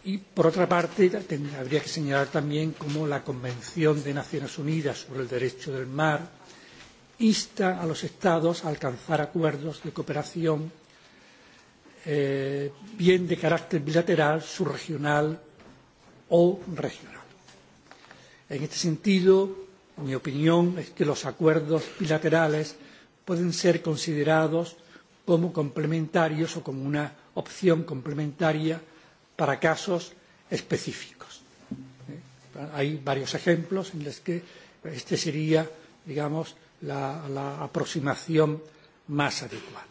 Y, por otra parte, habría que señalar también cómo la Convención de Naciones Unidas sobre el Derecho del Mar insta a los Estados a alcanzar acuerdos de cooperación eh, bien de carácter bilateral, subregional o regional. En este sentido, Mi opinión es que los acuerdos bilaterales pueden ser considerados como complementarios o como una opción complementaria para casos específicos. ¿Eh? Hay varios ejemplos en los que este sería, digamos, la, la aproximación más adecuada.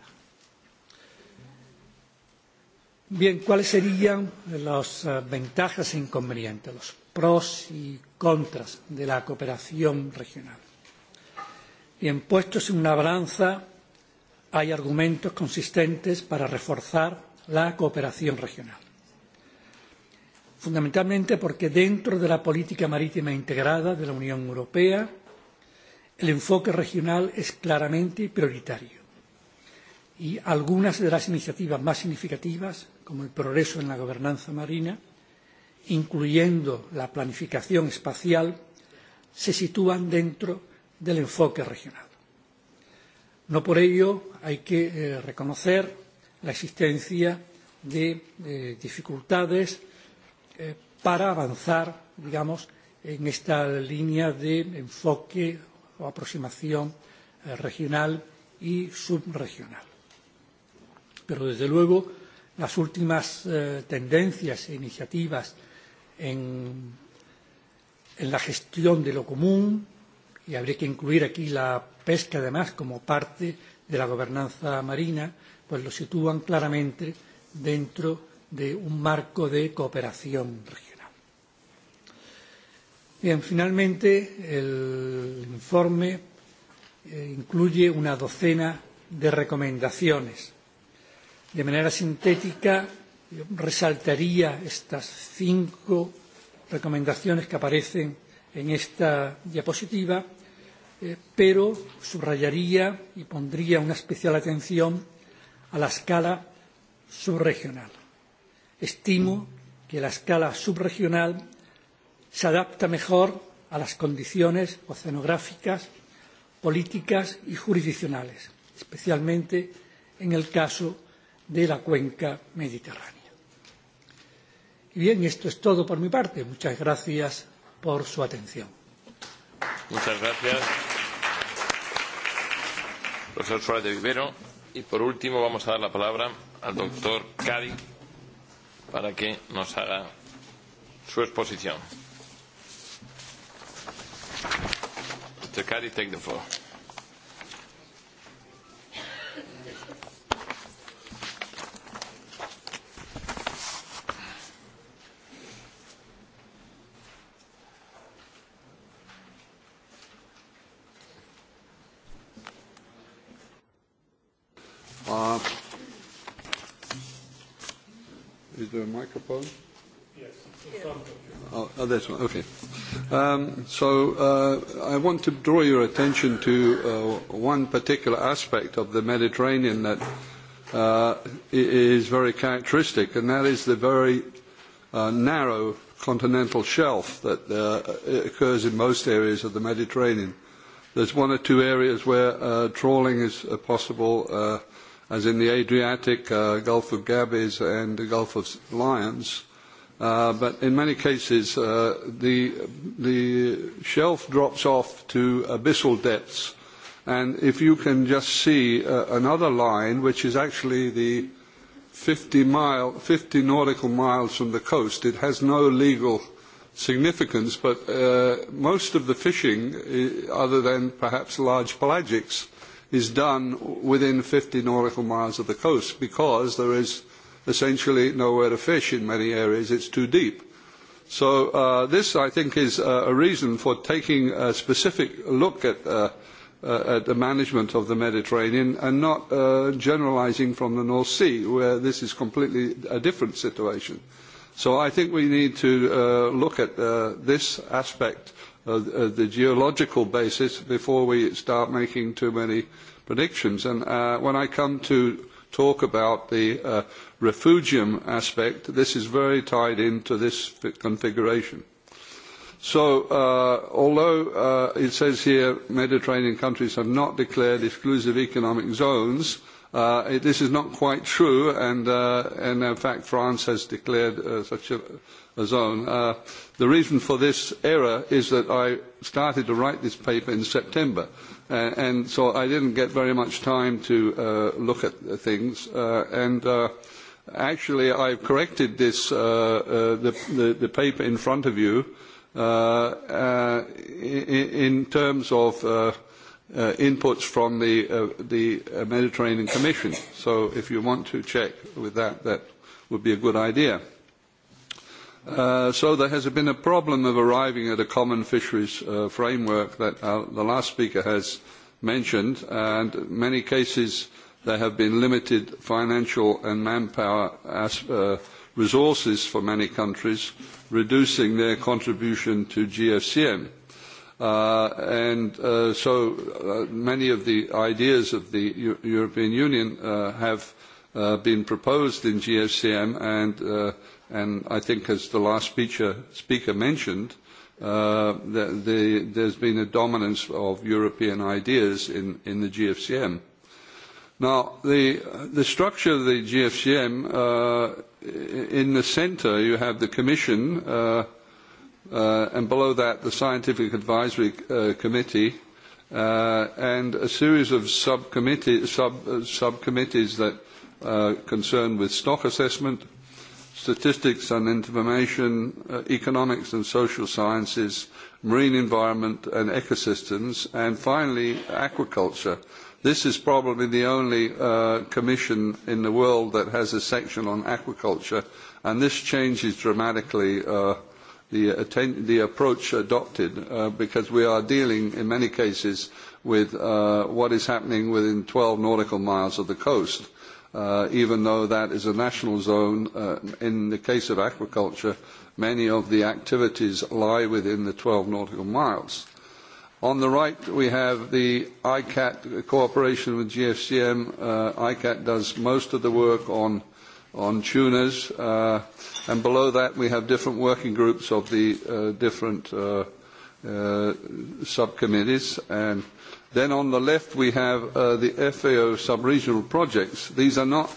Bien, ¿cuáles serían las uh, ventajas e inconvenientes, los pros y contras de la cooperación regional. Y en puestos en una balanza hay argumentos consistentes para reforzar la cooperación regional. Fundamentalmente porque dentro de la política marítima integrada de la Unión Europea, el enfoque regional es claramente prioritario. Y algunas de las iniciativas más significativas, como el progreso en la gobernanza marina, incluyendo la planificación espacial, se sitúan dentro del enfoque regional. No por ello hay que eh, reconocer la existencia de eh, dificultades eh, para avanzar, digamos, en esta línea de enfoque o aproximación eh, regional y subregional. Pero, desde luego, las últimas eh, tendencias e iniciativas eh, en, en la gestión de lo común y habría que incluir aquí la pesca, además, como parte de la gobernanza marina, pues lo sitúan claramente dentro de un marco de cooperación regional. Bien, finalmente, el informe eh, incluye una docena de recomendaciones. De manera sintética, resaltaría estas cinco recomendaciones que aparecen en esta diapositiva, eh, pero subrayaría y pondría una especial atención a la escala subregional. Estimo que la escala subregional se adapta mejor a las condiciones oceanográficas, políticas y jurisdiccionales, especialmente en el caso de la cuenca mediterránea. Bien, esto es todo por mi parte. Muchas gracias por su atención. Muchas gracias. Profesor Suárez de Vivero. Y por último vamos a dar la palabra al doctor Cadi para que nos haga su exposición. Mr. Cadi, take the floor. microphone? Yes. Oh, oh this one. Okay. Um, so uh, I want to draw your attention to uh, one particular aspect of the Mediterranean that uh, is very characteristic, and that is the very uh, narrow continental shelf that uh, occurs in most areas of the Mediterranean. There's one or two areas where uh, trawling is uh, possible. Uh, as in the Adriatic, uh, Gulf of Gabes, and the Gulf of Lions. Uh, but in many cases, uh, the, the shelf drops off to abyssal depths. And if you can just see uh, another line, which is actually the 50, mile, 50 nautical miles from the coast, it has no legal significance. But uh, most of the fishing, uh, other than perhaps large pelagics, uh, is done within 50 nautical miles of the coast because there is essentially nowhere to fish in many areas. It's too deep. So uh, this, I think, is uh, a reason for taking a specific look at, uh, uh, at the management of the Mediterranean and not uh, generalizing from the North Sea, where this is completely a different situation. So I think we need to uh, look at uh, this aspect Uh, uh, the geological basis before we start making too many predictions. And uh, when I come to talk about the uh, refugium aspect, this is very tied into this configuration. So uh, although uh, it says here Mediterranean countries have not declared exclusive economic zones, uh, Uh, it, this is not quite true, and, uh, and in fact France has declared uh, such a, a zone. Uh, the reason for this error is that I started to write this paper in September, uh, and so I didn't get very much time to uh, look at things, uh, and uh, actually I've corrected this, uh, uh, the, the, the paper in front of you, uh, uh, in, in terms of uh, uh, inputs from the, uh, the uh, Mediterranean Commission. So if you want to check with that, that would be a good idea. Uh, so there has been a problem of arriving at a common fisheries uh, framework that our, uh, the last speaker has mentioned, and in many cases there have been limited financial and manpower as, uh, resources for many countries, reducing their contribution to GFCM. Uh, Uh, and uh, so uh, many of the ideas of the U European Union uh, have uh, been proposed in GFCM, and, uh, and I think, as the last speaker, speaker mentioned, uh, the, the, there's been a dominance of European ideas in, in the GFCM. Now, the, the structure of the GFCM, uh, in the center, you have the Commission, uh, uh, and below that the Scientific Advisory uh, Committee, uh, and a series of subcommittee, sub, uh, subcommittees that are uh, concerned with stock assessment, statistics and information, uh, economics and social sciences, marine environment and ecosystems, and finally, aquaculture. This is probably the only uh, commission in the world that has a section on aquaculture, and this changes dramatically uh, the approach adopted uh, because we are dealing in many cases with uh, what is happening within 12 nautical miles of the coast, uh, even though that is a national zone. Uh, in the case of aquaculture, many of the activities lie within the 12 nautical miles. On the right, we have the ICAT cooperation with GFCM. Uh, ICAT does most of the work on uh, on tunas. Uh, and below that, we have different working groups of the uh, different uh, uh, subcommittees. And then on the left, we have uh, the FAO sub-regional projects. These are not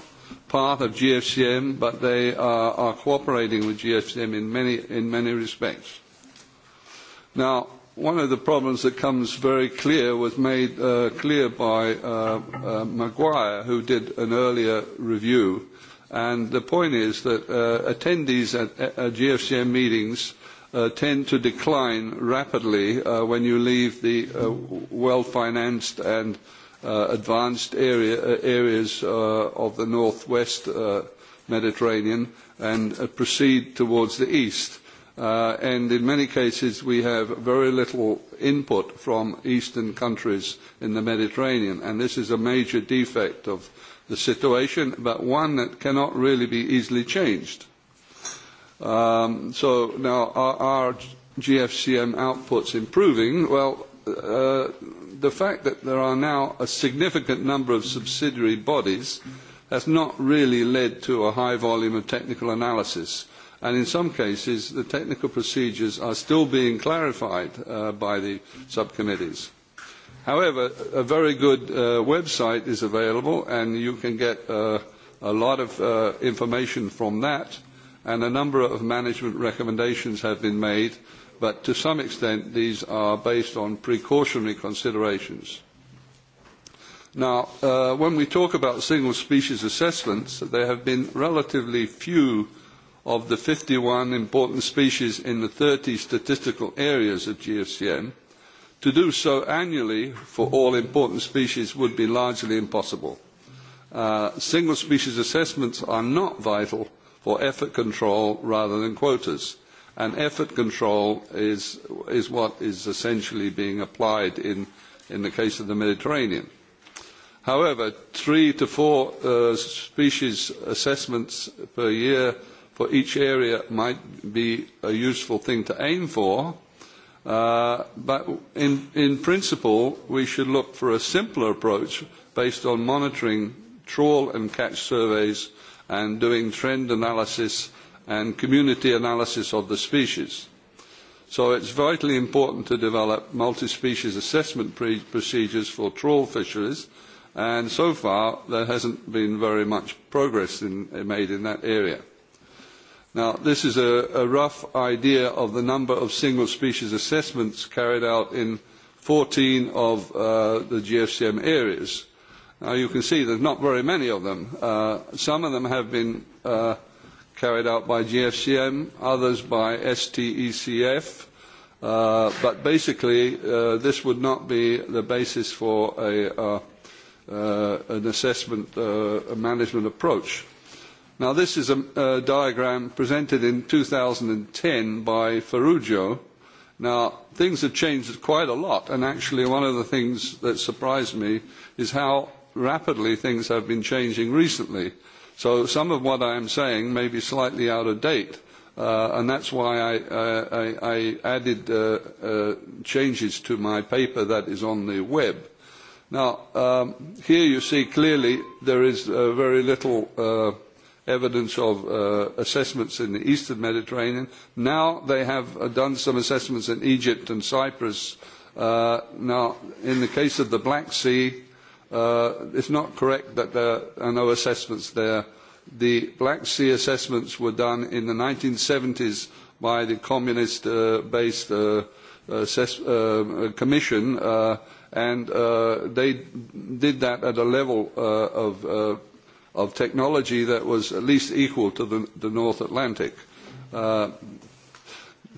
part of GFCM, but they are, are cooperating with GFCM in many, in many respects. Now, one of the problems that comes very clear was made uh, clear by uh, uh, Maguire, who did an earlier review, And the point is that uh, attendees at uh, GFCM meetings uh, tend to decline rapidly uh, when you leave the uh, well-financed and uh, advanced area, uh, areas uh, of the northwest uh, Mediterranean and uh, proceed towards the east. Uh, and in many cases, we have very little input from eastern countries in the Mediterranean. And this is a major defect of the situation, but one that cannot really be easily changed. Um, so now our, our GFCM outputs improving. Well, uh, the fact that there are now a significant number of subsidiary bodies has not really led to a high volume of technical analysis. And in some cases, the technical procedures are still being clarified uh, by the subcommittees. However, a very good uh, website is available, and you can get uh, a lot of uh, information from that. And a number of management recommendations have been made, but to some extent, these are based on precautionary considerations. Now, uh, when we talk about single species assessments, there have been relatively few of the 51 important species in the 30 statistical areas of GFCN. To do so annually for all important species would be largely impossible. Uh, single species assessments are not vital for effort control rather than quotas, and effort control is, is what is essentially being applied in, in the case of the Mediterranean. However, three to four uh, species assessments per year for each area might be a useful thing to aim for, uh, Uh, but in, in principle, we should look for a simpler approach based on monitoring trawl and catch surveys and doing trend analysis and community analysis of the species. So it's vitally important to develop multi-species assessment pre procedures for trawl fisheries, and so far there hasn't been very much progress in, made in that area. Now, this is a, a rough idea of the number of single species assessments carried out in 14 of uh, the GFCM areas. Now, you can see there's not very many of them. Uh, some of them have been uh, carried out by GFCM, others by STECF, uh, but basically uh, this would not be the basis for a, uh, uh, an assessment uh, a management approach. This is a diagram presented in 2010 by Ferrugio. Things have changed quite a lot, and actually, one of the things that surprised me is how rapidly things have been changing recently. Some of what I am saying may be slightly out of date, uh, and that's why I uh, added uh, changes to my paper that is on the web. Um, here you see clearly there is very little evidence of uh, assessments in the eastern Mediterranean. Now they have uh, done some assessments in Egypt and Cyprus. Uh, now, in the case of the Black Sea, uh, it's not correct that there are no assessments there. The Black Sea assessments were done in the 1970s by the communist uh, based uh, assess- uh, commission, uh, and uh, they did that at a level uh, of uh, of technology that was at least equal to the, the North Atlantic. Uh,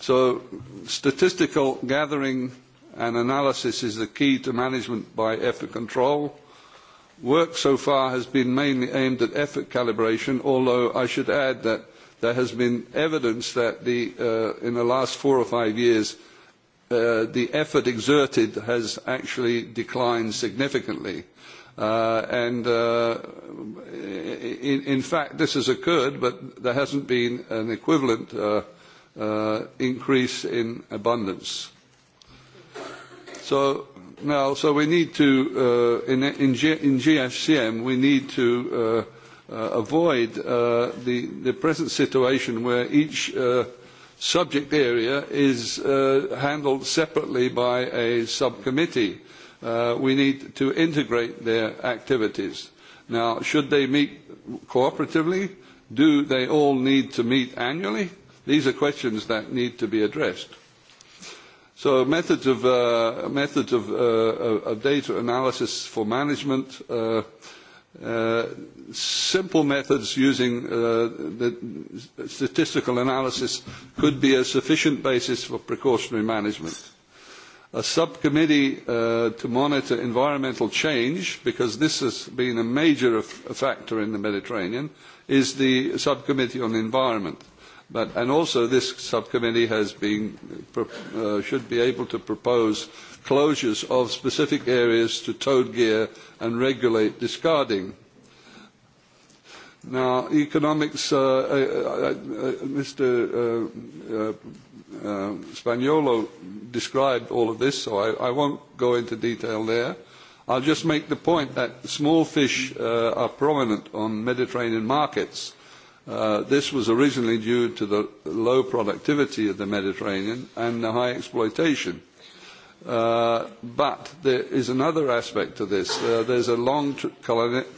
so statistical gathering and analysis is the key to management by effort control. Work so far has been mainly aimed at effort calibration, although I should add that there has been evidence that the, uh, in the last four or five years, uh, the effort exerted has actually declined significantly. Uh, Uh, and uh, in fact, this has occurred, but there hasn't been an equivalent uh, increase in abundance. So now, so we need to in GFCM, we need to avoid the present situation where each subject area is handled separately by a subcommittee uh, we need to integrate their activities. Now, should they meet cooperatively? Do they all need to meet annually? These are questions that need to be addressed. So methods of, uh, methods of, uh, of data analysis for management, uh, uh, simple methods using uh, the statistical analysis could be a sufficient basis for precautionary management a subcommittee uh, to monitor environmental change, because this has been a major f factor in the Mediterranean, is the subcommittee on environment. But, and also this subcommittee has been, uh, should be able to propose closures of specific areas to towed gear and regulate discarding. Now, economics, uh, uh, uh, uh, Mr. Uh, uh, Uh, Spaniolo described all of this, so I, I won't go into detail there. I'll just make the point that small fish uh, are prominent on Mediterranean markets. Uh, this was originally due to the low productivity of the Mediterranean and the high exploitation. Uh, but there is another aspect to this. Uh, there's a long tr-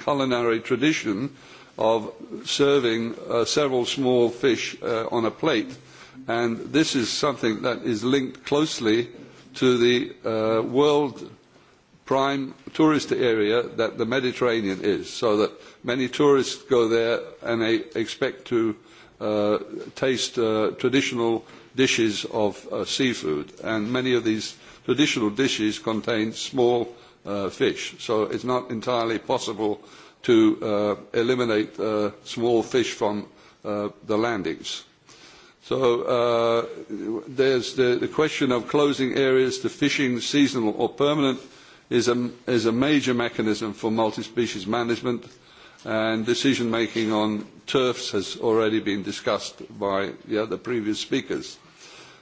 culinary tradition of serving uh, several small fish uh, on a plate. Mm-hmm and this is something that is linked closely to the uh, world prime tourist area that the Mediterranean is, so that many tourists go there and they expect to uh, taste uh, traditional dishes of uh, seafood, and many of these traditional dishes contain small uh, fish, so it's not entirely possible to uh, eliminate uh, small fish from uh, the landings. So uh, there's the, the question of closing areas to fishing, seasonal or permanent, is a, is a major mechanism for multi-species management, and decision-making on turfs has already been discussed by the other previous speakers.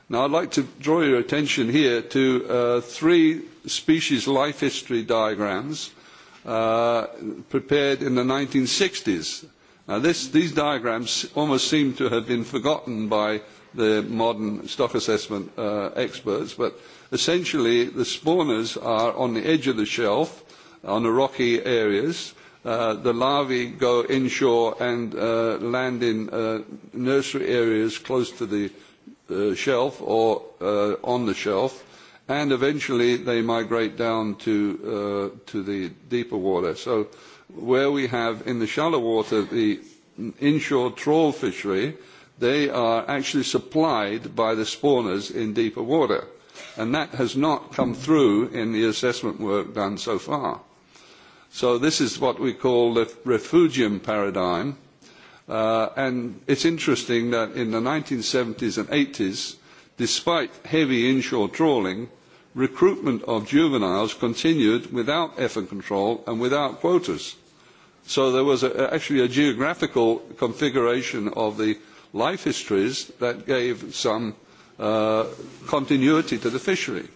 Now, I'd like to draw your attention here to uh, three species life history diagrams uh, prepared in the 1960s. Uh, these diagrams almost seem to have been forgotten by the modern stock assessment uh, experts but essentially the spawners are on the edge of the shelf on the rocky areas uh, the larvae go inshore and uh, land in uh, nursery areas close to the uh, shelf or uh, on the shelf and eventually they migrate down to uh, to the deeper water so where we have in the shallow water the inshore trawl fishery, they are actually supplied by the spawners in deeper water. And that has not come through in the assessment work done so far. So this is what we call the refugium paradigm. Uh, and it's interesting that in the 1970s and 80s, despite heavy inshore trawling, recruitment of juveniles continued without effort control and without quotas. So there was a, actually a geographical configuration of the life histories that gave some uh, continuity to the fishery.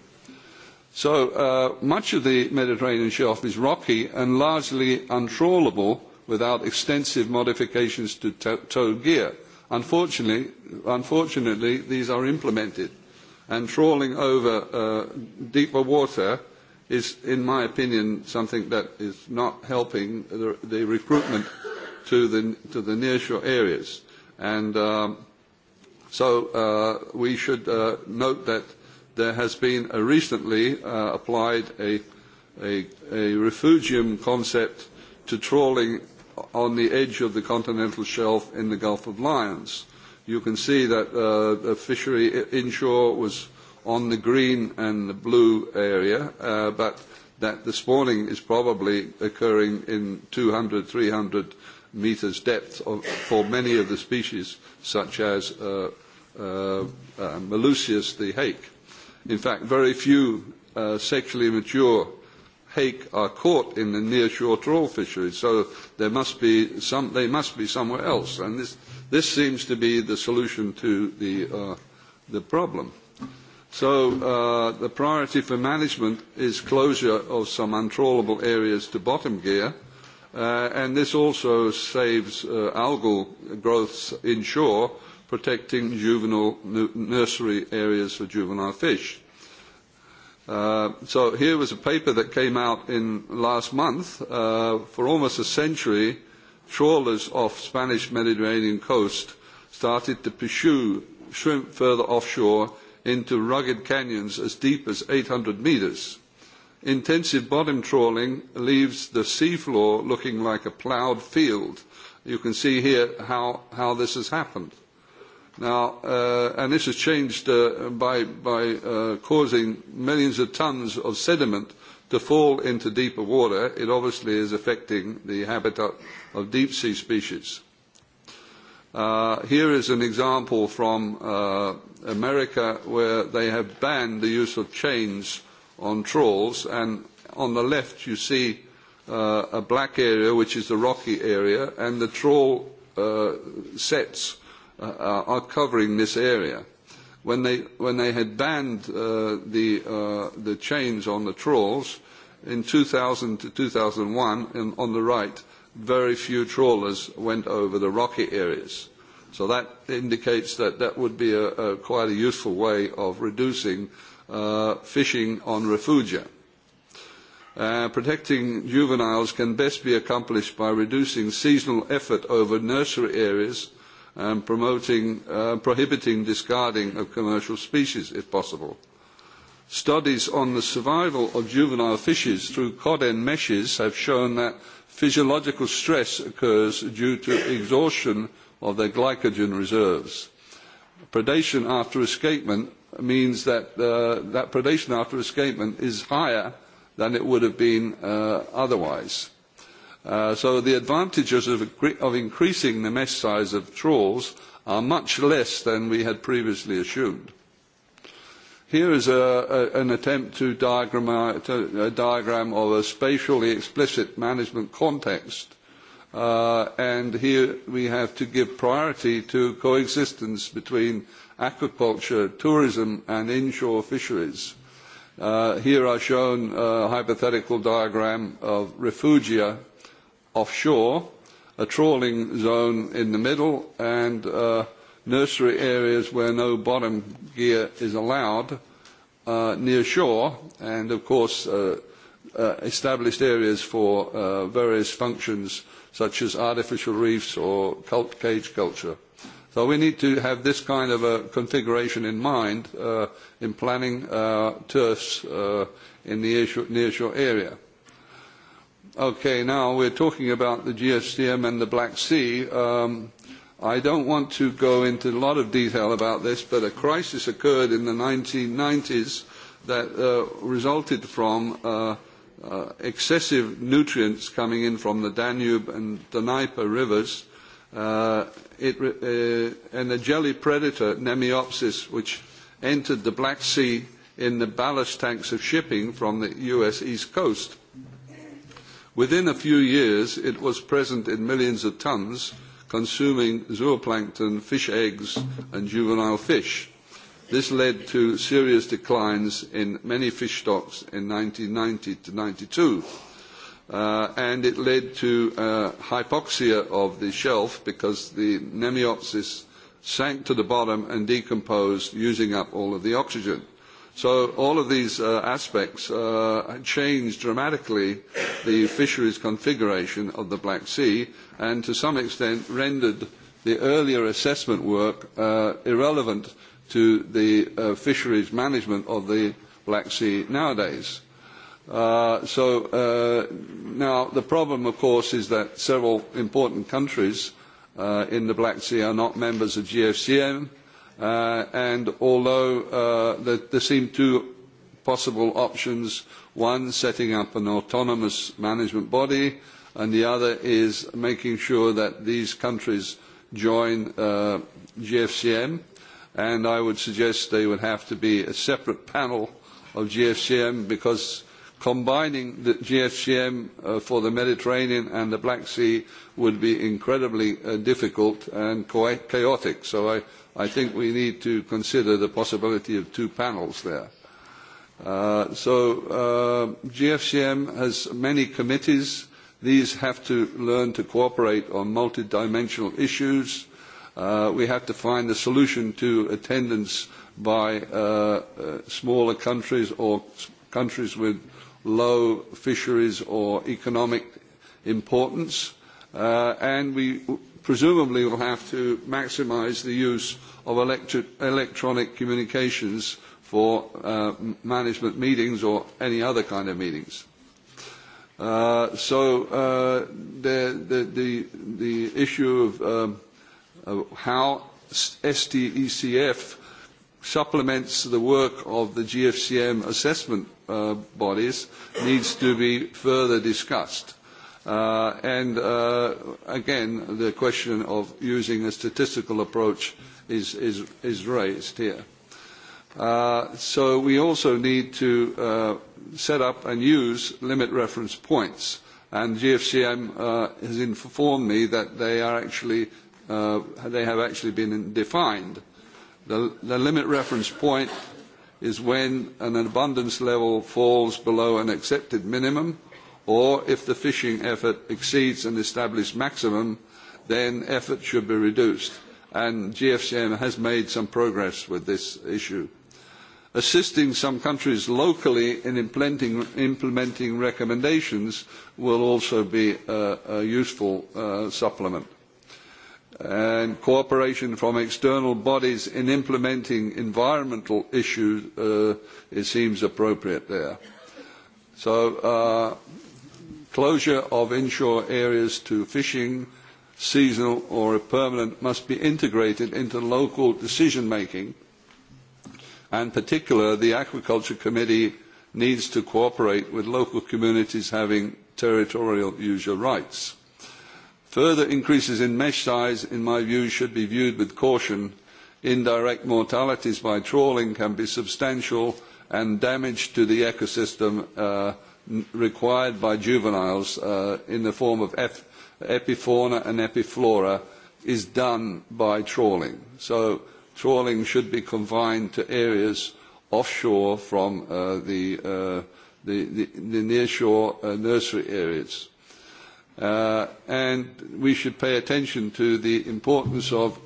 So uh, much of the Mediterranean shelf is rocky and largely untrawlable without extensive modifications to tow gear. Unfortunately, unfortunately, these are implemented and trawling over uh, deeper water is, in my opinion, something that is not helping the, the recruitment to the, to the nearshore areas. And um, so uh, we should uh, note that there has been a recently uh, applied a, a, a refugium concept to trawling on the edge of the continental shelf in the Gulf of Lions you can see that uh, the fishery inshore was on the green and the blue area, uh, but that the spawning is probably occurring in 200, 300 metres depth of, for many of the species, such as uh, uh, uh, Melusius the hake. In fact, very few uh, sexually mature hake are caught in the near shore trawl fisheries, so there must be some, they must be somewhere else. And this, this seems to be the solution to the, uh, the problem. So uh, the priority for management is closure of some untrawlable areas to bottom gear, uh, and this also saves uh, algal growths inshore, protecting juvenile nursery areas for juvenile fish. Uh, so here was a paper that came out in last month. Uh, for almost a century, uh, trawlers off Spanish Mediterranean coast started to pursue shrimp further offshore into rugged canyons as deep as 800 meters. Intensive bottom trawling leaves the seafloor looking like a plowed field. You can see here how, how this has happened. Now, uh, and this has changed uh, by, by uh, causing millions of tons of sediment to fall into deeper water. It obviously is affecting the habitat of deep sea species. Uh, here is an example from uh, America where they have banned the use of chains on trawls and on the left you see uh, a black area which is the rocky area and the trawl uh, sets uh, are covering this area. When they, when they had banned uh, the, uh, the chains on the trawls in 2000 to 2001 in, on the right, very few trawlers went over the rocky areas. So that indicates that that would be a, a quite a useful way of reducing uh, fishing on refugia. Uh, protecting juveniles can best be accomplished by reducing seasonal effort over nursery areas and promoting, uh, prohibiting discarding of commercial species if possible studies on the survival of juvenile fishes through cod end meshes have shown that physiological stress occurs due to exhaustion of their glycogen reserves. Predation after escapement means that uh, that predation after escapement is higher than it would have been uh, otherwise. Uh, so the advantages of, of increasing the mesh size of trawls are much less than we had previously assumed. Here is a, a, an attempt to, diagram, to a uh, diagram of a spatially explicit management context. Uh, and here we have to give priority to coexistence between aquaculture, tourism and inshore fisheries. Uh, here are shown a hypothetical diagram of refugia offshore, a trawling zone in the middle, and uh, nursery areas where no bottom gear is allowed, uh, near shore, and of course uh, uh, established areas for uh, various functions such as artificial reefs or cult cage culture. So we need to have this kind of a configuration in mind uh, in planning uh, turfs uh, in the near shore area. Okay, now we're talking about the GFCM and the Black Sea. Um, I don't want to go into a lot of detail about this, but a crisis occurred in the 1990s that uh, resulted from uh, uh, excessive nutrients coming in from the Danube and Dnieper rivers. Uh, it, uh, and the jelly predator, Nemiopsis, which entered the Black Sea in the ballast tanks of shipping from the US East Coast. Within a few years, it was present in millions of tons, consuming zooplankton, fish eggs and juvenile fish. This led to serious declines in many fish stocks in 1990 to 92. Uh, and it led to uh, hypoxia of the shelf because the nemiopsis sank to the bottom and decomposed, using up all of the oxygen. So all of these uh, aspects uh, change dramatically the fisheries configuration of the Black Sea and to some extent rendered the earlier assessment work uh, irrelevant to the uh, fisheries management of the Black Sea nowadays. Uh, so uh, now the problem, of course, is that several important countries uh, in the Black Sea are not members of GFCM, uh, Uh, although uh, there seem two possible options, one setting up an autonomous management body, and the other is making sure that these countries join uh, GFCM, and I would suggest they would have to be a separate panel of GFCM, because combining the GFCM for the Mediterranean and the Black Sea would be incredibly difficult and quite chaotic. I I think we need to consider the possibility of two panels there. Uh, so uh, GFCM has many committees. These have to learn to cooperate on multidimensional issues. Uh, we have to find a solution to attendance by uh, uh, smaller countries or countries with low fisheries or economic importance. Uh, and we presumably will have to maximise the use of electri- electronic communications for uh, management meetings or any other kind of meetings. Uh, so uh, the, the, the, the issue of, um, of how STECF supplements the work of the GFCM assessment uh, bodies needs to be further discussed. Uh, uh, the question of using a statistical approach is raised here. Uh, we also need to set up and use limit reference points, and GFCM has informed me that they have actually been defined. The limit reference point is when an abundance level falls below an accepted minimum, or if the fishing effort exceeds an established maximum, then effort should be reduced. And GFCM has made some progress with this issue. Assisting some countries locally in implementing, implementing recommendations will also be a, a useful uh, supplement. And cooperation from external bodies in implementing environmental issues, uh, it seems appropriate there. So uh, Closure of inshore areas to fishing, seasonal or a permanent, must be integrated into local decision making. And in particular, the Aquaculture Committee needs to cooperate with local communities having territorial user rights. Further increases in mesh size, in my view, should be viewed with caution. Indirect mortalities by trawling can be substantial and damage to the ecosystem uh, required by juveniles uh, in the form of F epifauna and epiflora is done by trawling. So trawling should be confined to areas offshore from uh, the, uh, the, the, the nearshore uh, nursery areas. Uh, and we should pay attention to the importance of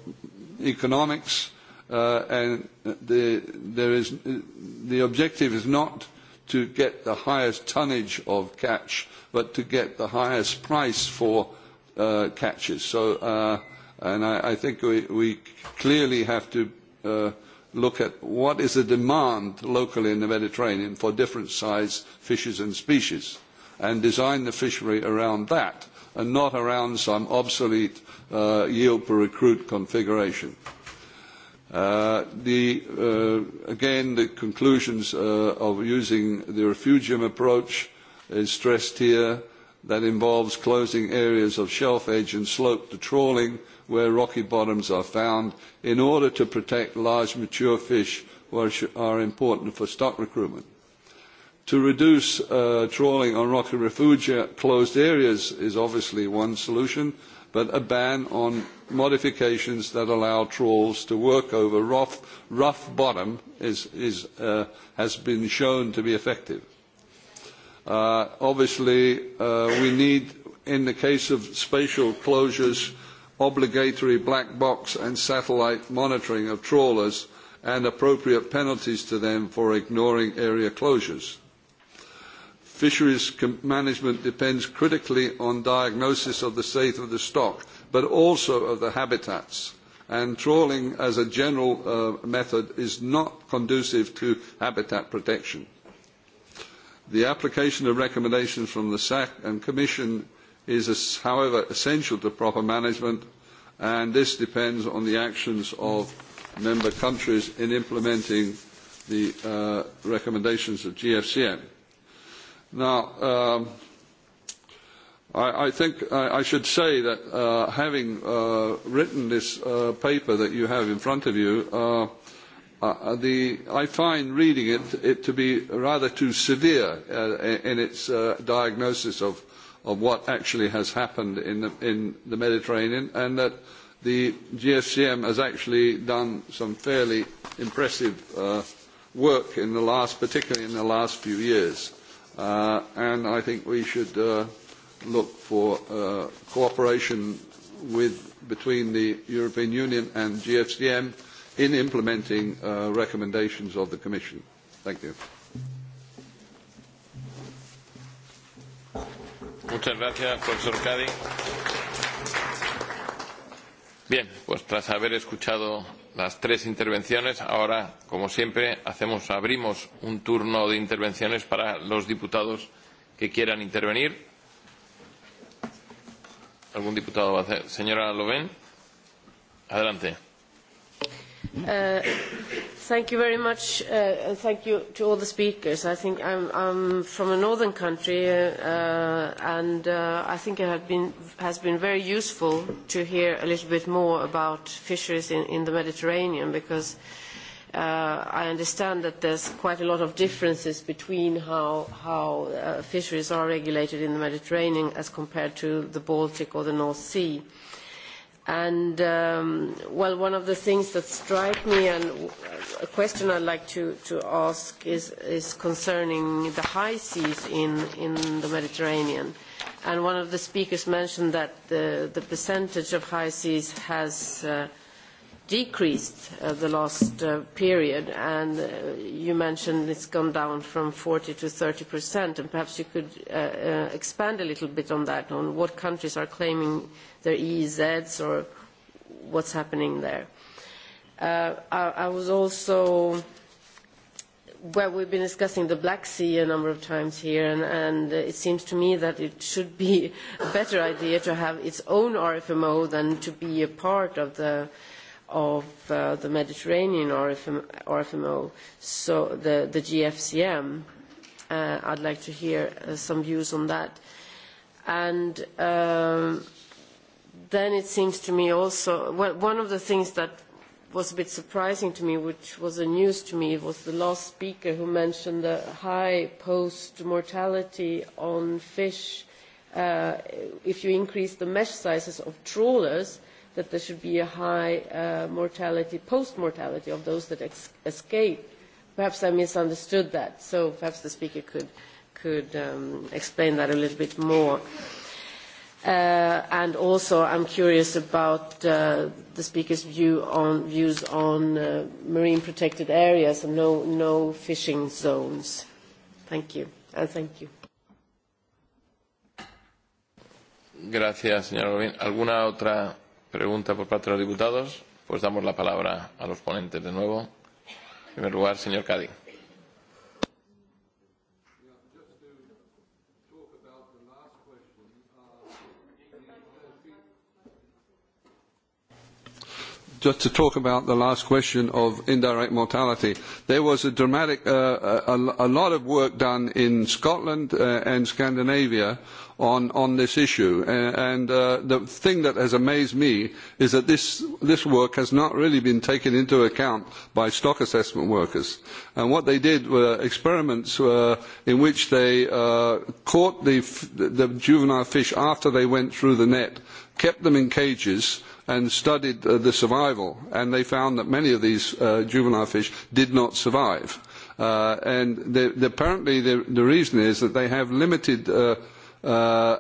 economics uh, and uh, the, there is, uh, the objective is not to get the highest tonnage of catch, but to get the highest price for uh, catches. So, uh, and I, I think we, we clearly have to uh, look at what is the demand locally in the Mediterranean for different size fishes and species, and design the fishery around that, and not around some obsolete uh, yield per recruit configuration. Uh, the uh, again the conclusions uh, of using the refugium approach is stressed here that involves closing areas of shelf edge and slope to trawling where rocky bottoms are found in order to protect large mature fish which are important for stock recruitment. To reduce uh, trawling on rocky refugia closed areas is obviously one solution uh, but a ban on modifications that allow trawls to work over rough, rough bottom is, is, uh, has been shown to be effective. Uh, obviously, uh, we need, in the case of spatial closures, obligatory black box and satellite monitoring of trawlers and appropriate penalties to them for ignoring area closures fisheries management depends critically on diagnosis of the state of the stock but also of the habitats and trawling as a general uh, method is not conducive to habitat protection. The application of recommendations from the SAC and Commission is however essential to proper management and this depends on the actions of member countries in implementing the uh, recommendations of GFCM. Now, um, I, I think I, I should say that uh, having uh, written this uh, paper that you have in front of you, uh, uh, the, I find reading it, it to be rather too severe uh, in its uh, diagnosis of, of what actually has happened in the, in the Mediterranean and that the GFCM has actually done some fairly impressive uh, work in the last, particularly in the last few years. Uh, and I think we should uh, look for uh, cooperation with, between the European Union and GFCM in implementing uh, recommendations of the Commission. Thank you. Muchas gracias, profesor Cady. Bien, pues tras haber escuchado las tres intervenciones. Ahora, como siempre, hacemos, abrimos un turno de intervenciones para los diputados que quieran intervenir. ¿Algún diputado va a hacer? Señora Lovén, adelante. Uh, thank you very much. Uh, and thank you to all the speakers. I think I'm, I'm from a northern country, uh, uh, and uh, I think it had been, has been very useful to hear a little bit more about fisheries in, in the Mediterranean because. Uh, I understand that there's quite a lot of differences between how, how uh, fisheries are regulated in the Mediterranean as compared to the Baltic or the North Sea. Uh, and um, well, one of the things that strike me and a question I'd like to, to ask is, is concerning the high seas in, in the Mediterranean. And one of the speakers mentioned that the, the percentage of high seas has uh, decreased uh, the last uh, period, and uh, you mentioned it's gone down from 40%-30%, and perhaps you could expand a little bit on that, on what countries are claiming their EEZs or what's happening there. I was also, well, we've been discussing the Black Sea a number of times here, and it seems to me that it should be *laughs* a better idea to have its own RFMO than to be a part of the of uh, the Mediterranean or FMO, or FMO so the, the GFCM. Uh, I'd like to hear uh, some views on that. And um, then it seems to me also, well, one of the things that was a bit surprising to me, which was a news to me, was the last speaker who mentioned the high post-mortality on fish. Uh, if you increase the mesh sizes of trawlers, that there should be a high uh, mortality, post-mortality of those that ex escape. Perhaps I misunderstood that, so perhaps the speaker could, could um, explain that a little bit more. Uh, and also, I'm curious about uh, the speaker's view on, views on uh, marine protected areas and no, no fishing zones. Thank you, and thank you. Gracias, señora Rubin. ¿Alguna otra pregunta por parte de los diputados, pues damos la palabra a los ponentes de nuevo. En primer lugar, señor Cádiz. Just to talk about the last question of indirect mortality, there was a dramatic, uh, a, a lot of work done in Scotland uh, and Scandinavia on on this issue. Uh, and uh, the thing that has amazed me is that this this work has not really been taken into account by stock assessment workers. And what they did were experiments uh, in which they uh, caught the f the juvenile fish after they went through the net, kept them in cages and studied uh, the survival, and they found that many of these uh, juvenile fish did not survive. Uh, and the, the, apparently the, the reason is that they have limited uh, Uh,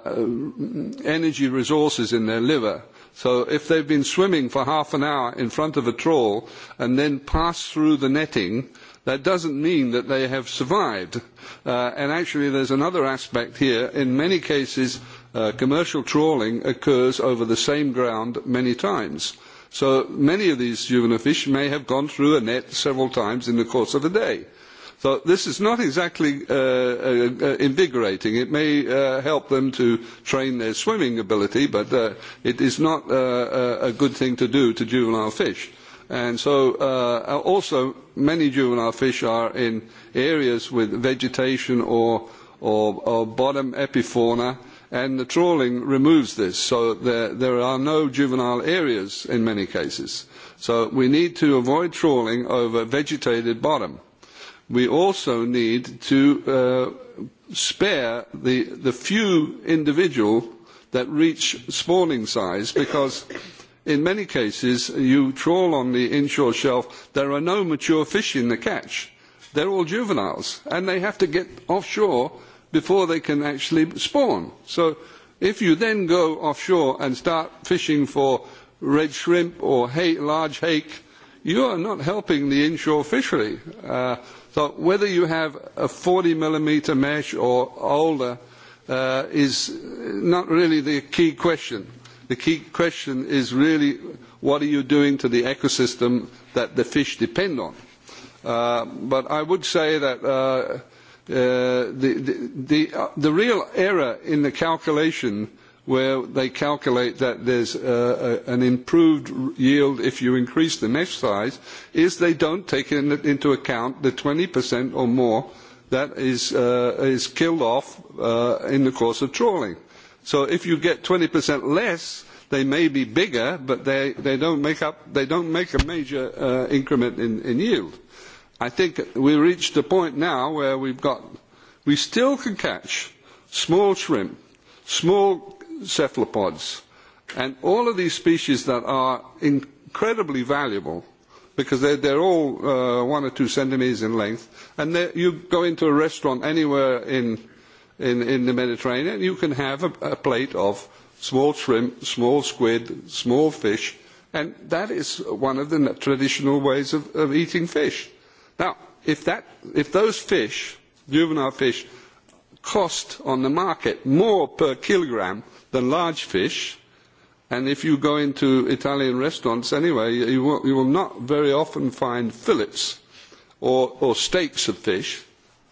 energy resources in their liver. So if they've been swimming for half an hour in front of a trawl and then pass through the netting, that doesn't mean that they have survived. Uh, and actually, there's another aspect here. In many cases, uh, commercial trawling occurs over the same ground many times. So many of these juvenile fish may have gone through a net several times in the course of a day. So this is not exactly uh, uh, uh, invigorating. It may uh, help them to train their swimming ability, but uh, it is not uh, uh a good thing to do to juvenile fish. And so uh, also many juvenile fish are in areas with vegetation or, or, or bottom epifauna, and the trawling removes this. So there, there are no juvenile areas in many cases. So we need to avoid trawling over vegetated bottom we also need to uh, spare the, the few individual that reach spawning size because in many cases you trawl on the inshore shelf, there are no mature fish in the catch. They're all juveniles and they have to get offshore before they can actually spawn. So if you then go offshore and start fishing for red shrimp or hake, large hake, you are not helping the inshore fishery. Uh, so whether you have a 40 millimeter mesh or older uh, is not really the key question the key question is really what are you doing to the ecosystem that the fish depend on uh, but I would say that uh, uh, the, the, the, uh, the real error in the calculation uh, where they calculate that there's uh, an improved yield if you increase the mesh size is they don't take in, into account the 20% or more that is, uh, is killed off uh, in the course of trawling. So if you get 20% less, they may be bigger, but they, they, don't, make up, they don't make a major uh, increment in, in yield. I think we've reached a point now where we've got, we still can catch small shrimp, small cephalopods, and all of these species that are incredibly valuable because they're, they're all uh, one or two centimeters in length, and you go into a restaurant anywhere in, in, in the Mediterranean, you can have a, a plate of small shrimp, small squid, small fish, and that is one of the traditional ways of, of eating fish. Now, if, that, if those fish, juvenile fish, cost on the market more per kilogram than large fish. And if you go into Italian restaurants anyway, you will, you will not very often find fillets or, or steaks of fish.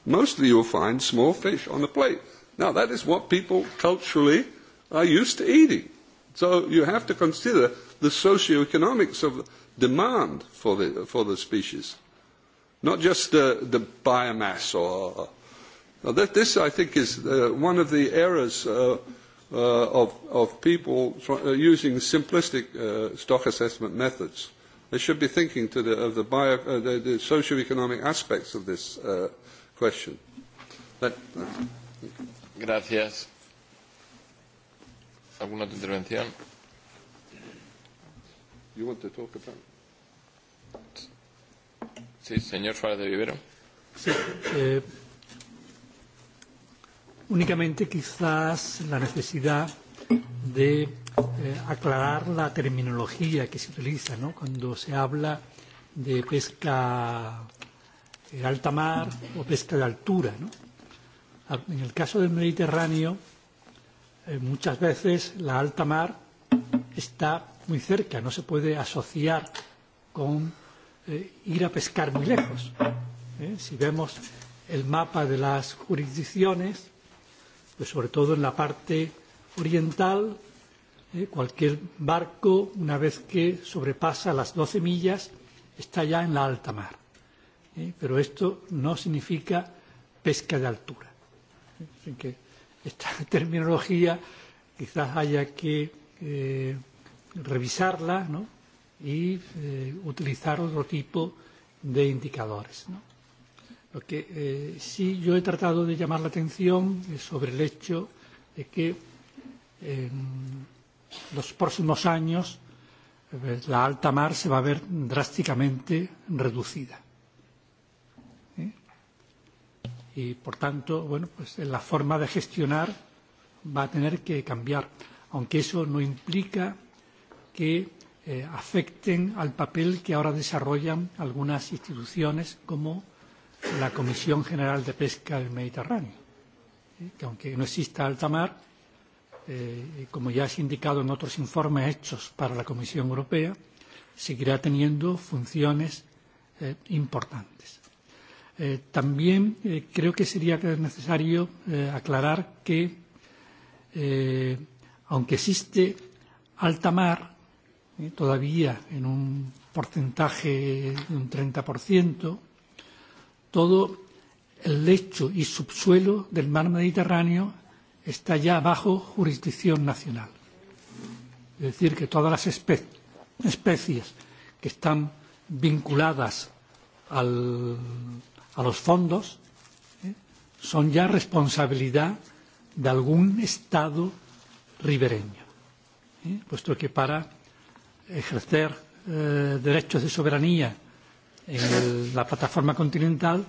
Mostly you'll find small fish on the plate. Now, that is what people culturally are used to eating. So you have to consider the socioeconomics of demand for the, for the species, not just the, the biomass. Or, or that, This, I think, is uh, one of the errors. Uh, uh, of, of people tr- uh, using simplistic uh, stock assessment methods. They should be thinking to the, of the, bio, uh, the, the socio-economic aspects of this uh, question. But, uh, Gracias. ¿Alguna otra intervención? You want to talk about? Sí, señor Suárez de Vivero. Sí, eh, únicamente quizás la necesidad de eh, aclarar la terminología que se utiliza ¿no? cuando se habla de pesca de alta mar o pesca de altura. ¿no? Ah, en el caso del Mediterráneo, eh, muchas veces la alta mar está muy cerca, no se puede asociar con eh, ir a pescar muy lejos. ¿eh? Si vemos el mapa de las jurisdicciones, pues sobre todo en la parte oriental, eh, cualquier barco, una vez que sobrepasa las 12 millas, está ya en la alta mar. Eh, pero esto no significa pesca de altura. Así que esta *laughs* terminología quizás haya que eh, revisarla ¿no? y eh, utilizar otro tipo de indicadores. ¿no? Porque eh, sí, yo he tratado de llamar la atención eh, sobre el hecho de que en los próximos años eh, la alta mar se va a ver drásticamente reducida. ¿Eh? Y por tanto, bueno, pues la forma de gestionar va a tener que cambiar, aunque eso no implica que eh, afecten al papel que ahora desarrollan algunas instituciones como la Comisión General de Pesca del Mediterráneo, ¿eh? que aunque no exista alta mar, eh, como ya se ha indicado en otros informes hechos para la Comisión Europea, seguirá teniendo funciones eh, importantes. Eh, también eh, creo que sería necesario eh, aclarar que, eh, aunque existe alta mar, eh, todavía en un porcentaje de un 30%, todo el lecho y subsuelo del mar Mediterráneo está ya bajo jurisdicción nacional. Es decir, que todas las espe especies que están vinculadas al, a los fondos ¿eh? son ya responsabilidad de algún Estado ribereño, ¿eh? puesto que para ejercer eh, derechos de soberanía en eh, el, la plataforma continental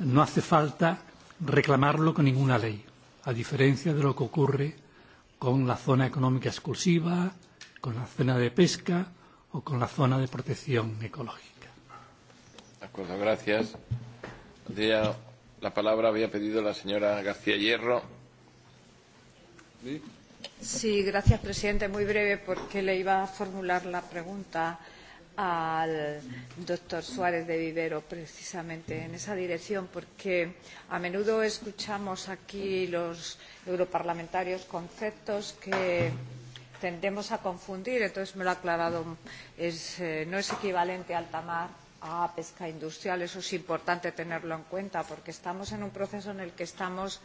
no hace falta reclamarlo con ninguna ley, a diferencia de lo que ocurre con la zona económica exclusiva, con la zona de pesca o con la zona de protección ecológica. De acuerdo, gracias. Ya la palabra había pedido la señora García Hierro. Sí, gracias, presidente. Muy breve, porque le iba a formular la pregunta al doctor Suárez de Vivero precisamente en esa dirección porque a menudo escuchamos aquí los europarlamentarios conceptos que tendemos a confundir entonces me lo ha aclarado es, eh, no es equivalente al tamar a pesca industrial eso es importante tenerlo en cuenta porque estamos en un proceso en el que estamos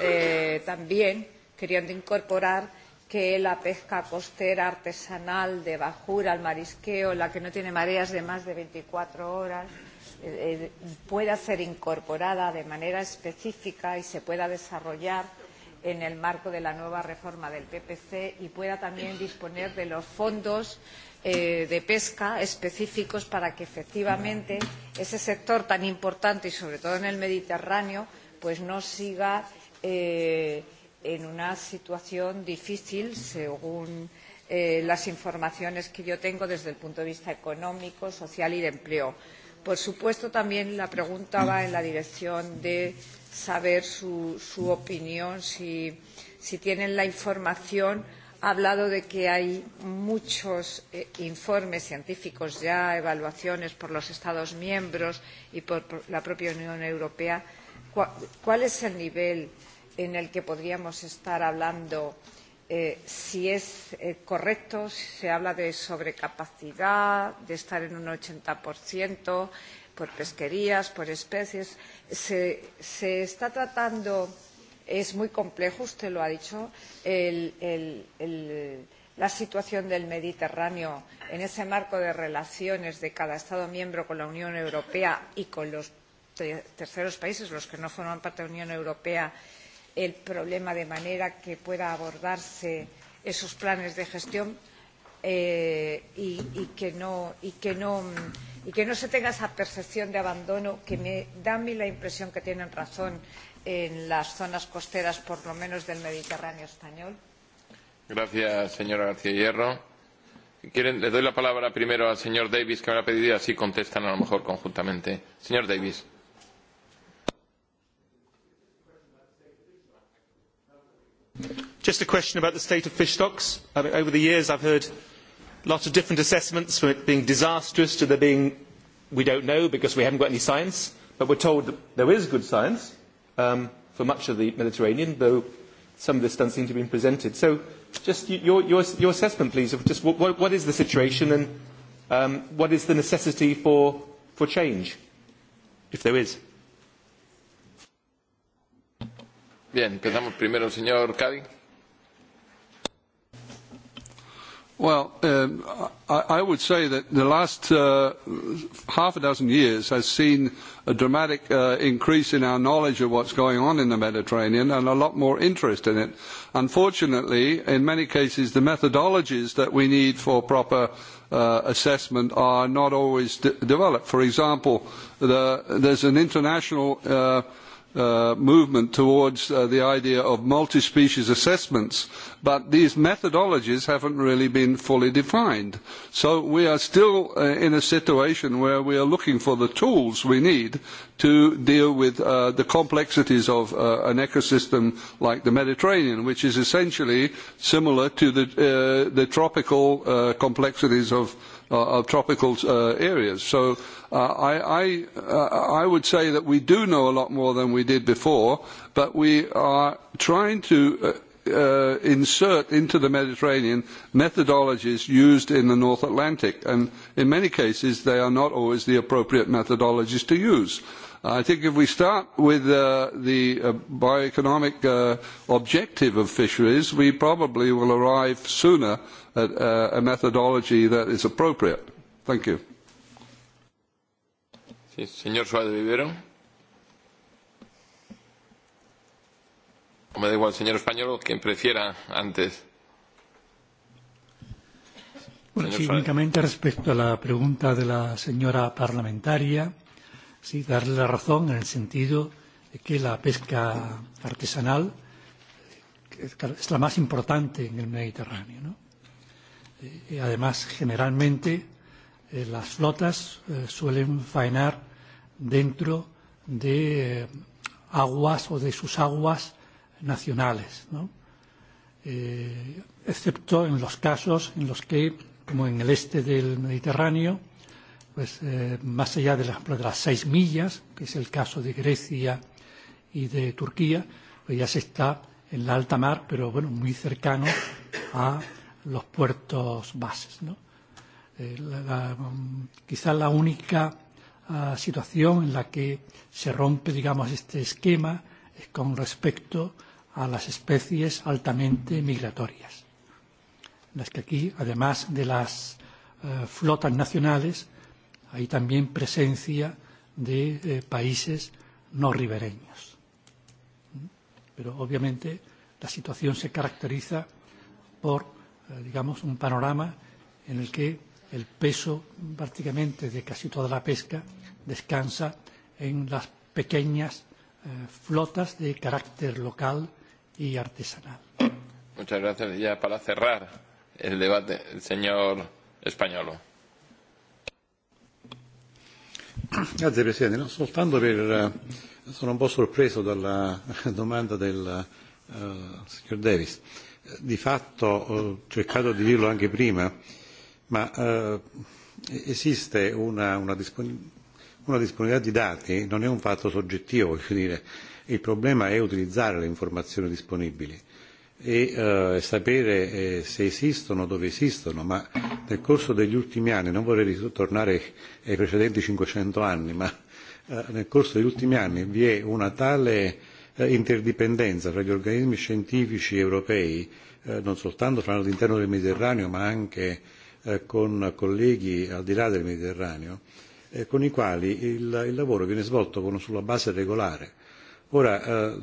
eh, también queriendo incorporar que la pesca costera artesanal de bajura, el marisqueo, la que no tiene mareas de más de 24 horas, eh, eh, pueda ser incorporada de manera específica y se pueda desarrollar en el marco de la nueva reforma del PPC y pueda también disponer de los fondos eh, de pesca específicos para que efectivamente ese sector tan importante y sobre todo en el Mediterráneo pues no siga eh, en una situación difícil, según eh, las informaciones que yo tengo desde el punto de vista económico, social y de empleo. Por supuesto, también la pregunta va en la dirección de saber su, su opinión, si, si tienen la información. Ha hablado de que hay muchos eh, informes científicos ya, evaluaciones por los Estados miembros y por, por la propia Unión Europea. ¿Cuál, cuál es el nivel? en el que podríamos estar hablando eh, si es eh, correcto, si se habla de sobrecapacidad, de estar en un 80% por pesquerías, por especies. Se, se está tratando, es muy complejo, usted lo ha dicho, el, el, el, la situación del Mediterráneo en ese marco de relaciones de cada Estado miembro con la Unión Europea y con los terceros países, los que no forman parte de la Unión Europea, el problema de manera que pueda abordarse esos planes de gestión eh, y, y, que no, y, que no, y que no se tenga esa percepción de abandono que me da a mí la impresión que tienen razón en las zonas costeras, por lo menos del Mediterráneo español. Gracias, señora García Hierro. ¿Quieren? Le doy la palabra primero al señor Davis, que me ha pedido, y así contestan a lo mejor conjuntamente. Señor Davis. Sí. just a question about the state of fish stocks. over the years i have heard lots of different assessments from it being disastrous to there being we don't know because we haven't got any science but we're told that there is good science um, for much of the mediterranean though some of this doesn't seem to be presented so just your, your, your assessment please of just what, what, what is the situation and um, what is the necessity for, for change if there is Bien, empezamos primero el señor Cádiz. Well, um, I, I would say that the last uh, half a dozen years has seen a dramatic uh, increase in our knowledge of what's going on in the Mediterranean and a lot more interest in it. Unfortunately, in many cases, the methodologies that we need for proper uh, assessment are not always de- developed. For example, the, there's an international uh, Uh, movement towards uh, the idea of multi species assessments, but these methodologies haven't really been fully defined. So we are still uh, in a situation where we are looking for the tools we need to deal with uh, the complexities of uh, an ecosystem like the Mediterranean, which is essentially similar to the, uh, the tropical uh, complexities of uh, of uh, tropical uh, areas. So uh, I, I, uh, I would say that we do know a lot more than we did before, but we are trying to uh, uh, insert into the Mediterranean methodologies used in the North Atlantic, and in many cases they are not always the appropriate methodologies to use. I think if we start with uh, the uh, bioeconomic uh, objective of fisheries, we probably will arrive sooner uh, a methodology that is appropriate. Thank you. Sí, señor Suárez de Vivero. Me da igual, señor español, quien prefiera antes. Bueno, sí, únicamente respecto a la pregunta de la señora parlamentaria, sí, darle la razón en el sentido de que la pesca artesanal es la más importante en el Mediterráneo. ¿no? y además generalmente eh, las flotas eh, suelen faenar dentro de eh, aguas o de sus aguas nacionales, ¿no? eh, excepto en los casos en los que, como en el este del Mediterráneo, pues eh, más allá de las, de las seis millas, que es el caso de Grecia y de Turquía, pues ya se está en la alta mar, pero bueno, muy cercano a los puertos bases. ¿no? Eh, la, la, quizá la única uh, situación en la que se rompe digamos, este esquema es con respecto a las especies altamente migratorias, en las que aquí, además de las uh, flotas nacionales, hay también presencia de eh, países no ribereños. ¿Mm? Pero obviamente la situación se caracteriza por Eh, digamos, un panorama en el que el peso prácticamente de casi toda la pesca descansa en las pequeñas eh, flotas de carácter local y artesanal. Muchas gracias. Ya para cerrar el debate, el señor Españolo. Grazie Presidente, non soltanto per, eh, sono un po' sorpreso dalla *laughs* domanda del uh, signor Davis. Uh, di fatto ho cercato di dirlo anche prima, ma eh, esiste una, una, dispon- una disponibilità di dati, non è un fatto soggettivo, *laughs* voglio dire, il problema è utilizzare le informazioni disponibili e eh, e sapere eh, se esistono o dove esistono, ma nel corso degli ultimi anni, non vorrei tornare ai precedenti 500 anni, ma eh, nel corso degli ultimi anni vi è una tale eh, Eh, interdipendenza fra gli organismi scientifici europei eh, non soltanto fra l'interno del Mediterraneo ma anche eh, con colleghi al di là del Mediterraneo con i quali il, il lavoro viene svolto con, sulla base regolare. Ora, eh,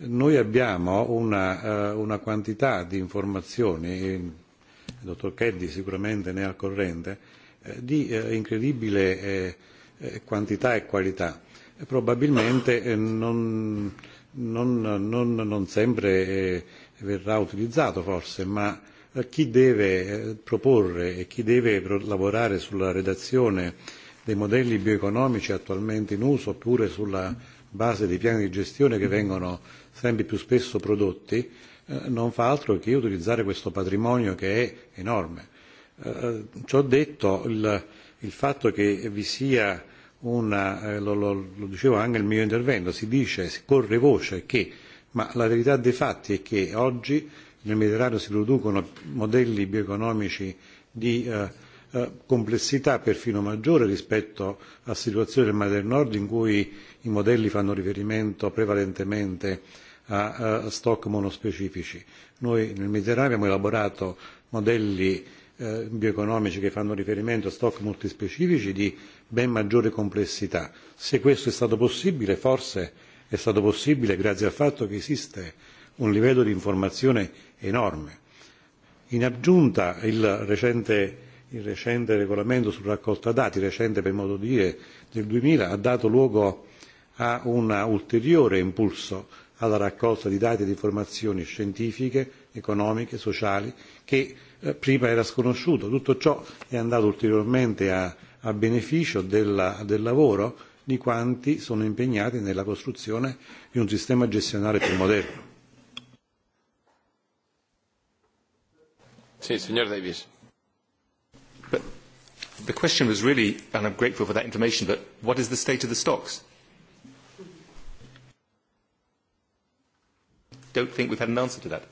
noi abbiamo una, eh, una quantità di informazioni, il dottor Keddy sicuramente ne è al corrente, eh, di eh, incredibile eh, quantità e qualità. E probabilmente eh, non, eh, non, non, non sempre eh, verrà utilizzato forse, ma eh, chi deve eh, proporre e chi deve lavorare sulla redazione dei modelli bioeconomici attualmente in uso oppure sulla base dei piani di gestione che vengono sempre più spesso prodotti, eh, non fa altro che utilizzare questo patrimonio che è enorme. Ciò detto, il, il fatto che vi sia eh, una, eh, lo, lo, lo dicevo anche nel mio intervento, si dice, si corre voce che, ma la verità dei fatti è che oggi nel Mediterraneo si producono modelli bioeconomici di eh, eh, complessità perfino maggiore rispetto a situazioni del Mar del Nord in cui i modelli fanno riferimento prevalentemente a, a eh, stock monospecifici. Noi nel Mediterraneo abbiamo elaborato modelli eh, bioeconomici che fanno riferimento a stock multispecifici di ben maggiore complessità. Se questo è stato possibile, forse è stato possibile grazie al fatto che esiste un livello di informazione enorme. In aggiunta il recente, il recente regolamento sul raccolta dati, recente per modo di dire del 2000, ha dato luogo a un ulteriore impulso alla raccolta di dati e di informazioni scientifiche, economiche, sociali, che eh, prima era sconosciuto. Tutto ciò è andato ulteriormente a, a beneficio della, del lavoro di quanti sono impegnati nella costruzione di un sistema gestionale più moderno. Sì, signor Davies. But the question was really, and I'm grateful for that information, but what is the state of the stocks? Don't think we've had an answer to that.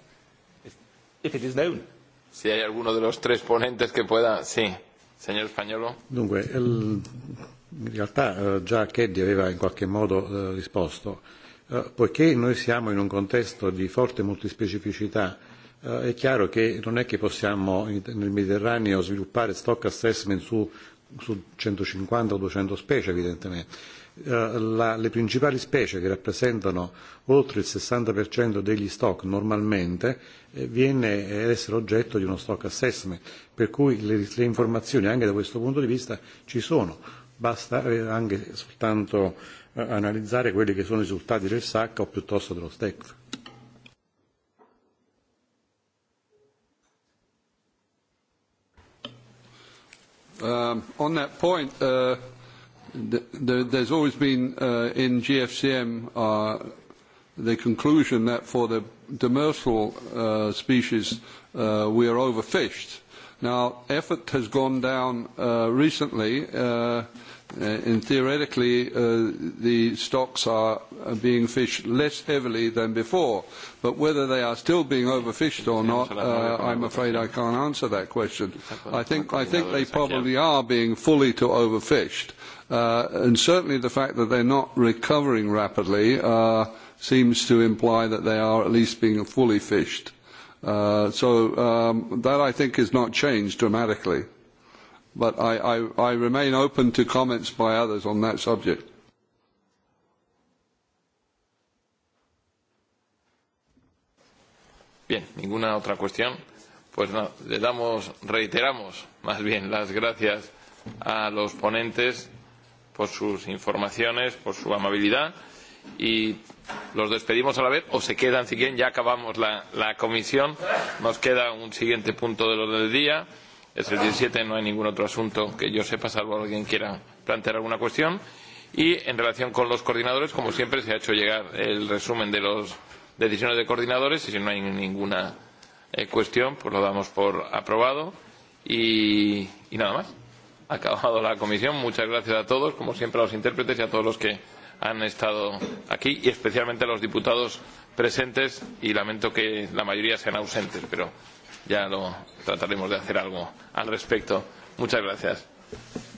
If, if it is known. Si hay alguno de los tres ponentes que pueda, sí. Signor Spagnolo. Dunque, il, in realtà eh, già Keddy aveva in qualche modo eh, risposto. Eh, poiché noi siamo in un contesto di forte multispecificità, eh, è chiaro che non è che possiamo in, nel Mediterraneo sviluppare stock assessment su, su 150 o 200 specie, evidentemente. Eh, le principali specie che rappresentano oltre il 60% degli stock normalmente eh, viene ad essere oggetto di uno stock assessment, per cui le, le informazioni anche da questo punto di vista ci sono. Basta eh, anche soltanto analizzare quelli che sono i risultati del SAC o piuttosto dello STEC. Um, on that point, uh, there, there's always been uh, in GFCM uh, the conclusion that for the demersal uh, species uh, we are overfished. Now, effort has gone down uh, recently. Uh, and uh, theoretically, uh, the stocks are being fished less heavily than before. But whether they are still being overfished or not, uh, I'm afraid I can't answer that question. I think, I think they probably are being fully to overfished. Uh, Uh, and certainly the fact that they're not recovering rapidly uh, seems to imply that they are at least being fully fished. Uh, so um, that, I think, has not changed dramatically. But I, I, I remain open to comments by others on that subject. Bien, ninguna otra cuestión. Pues no, le damos, reiteramos más bien las gracias a los ponentes por sus informaciones, por su amabilidad. Y los despedimos a la vez, o se quedan si quieren, ya acabamos la, la comisión. Nos queda un siguiente punto del orden del día. Es el 17, no hay ningún otro asunto que yo sepa, salvo alguien quiera plantear alguna cuestión. Y en relación con los coordinadores, como siempre, se ha hecho llegar el resumen de las decisiones de coordinadores. Y si no hay ninguna eh, cuestión, pues lo damos por aprobado. Y, y nada más acabado la comisión. Muchas gracias a todos, como siempre a los intérpretes y a todos los que han estado aquí y especialmente a los diputados presentes y lamento que la mayoría sean ausentes, pero ya lo trataremos de hacer algo al respecto. Muchas gracias. Gracias.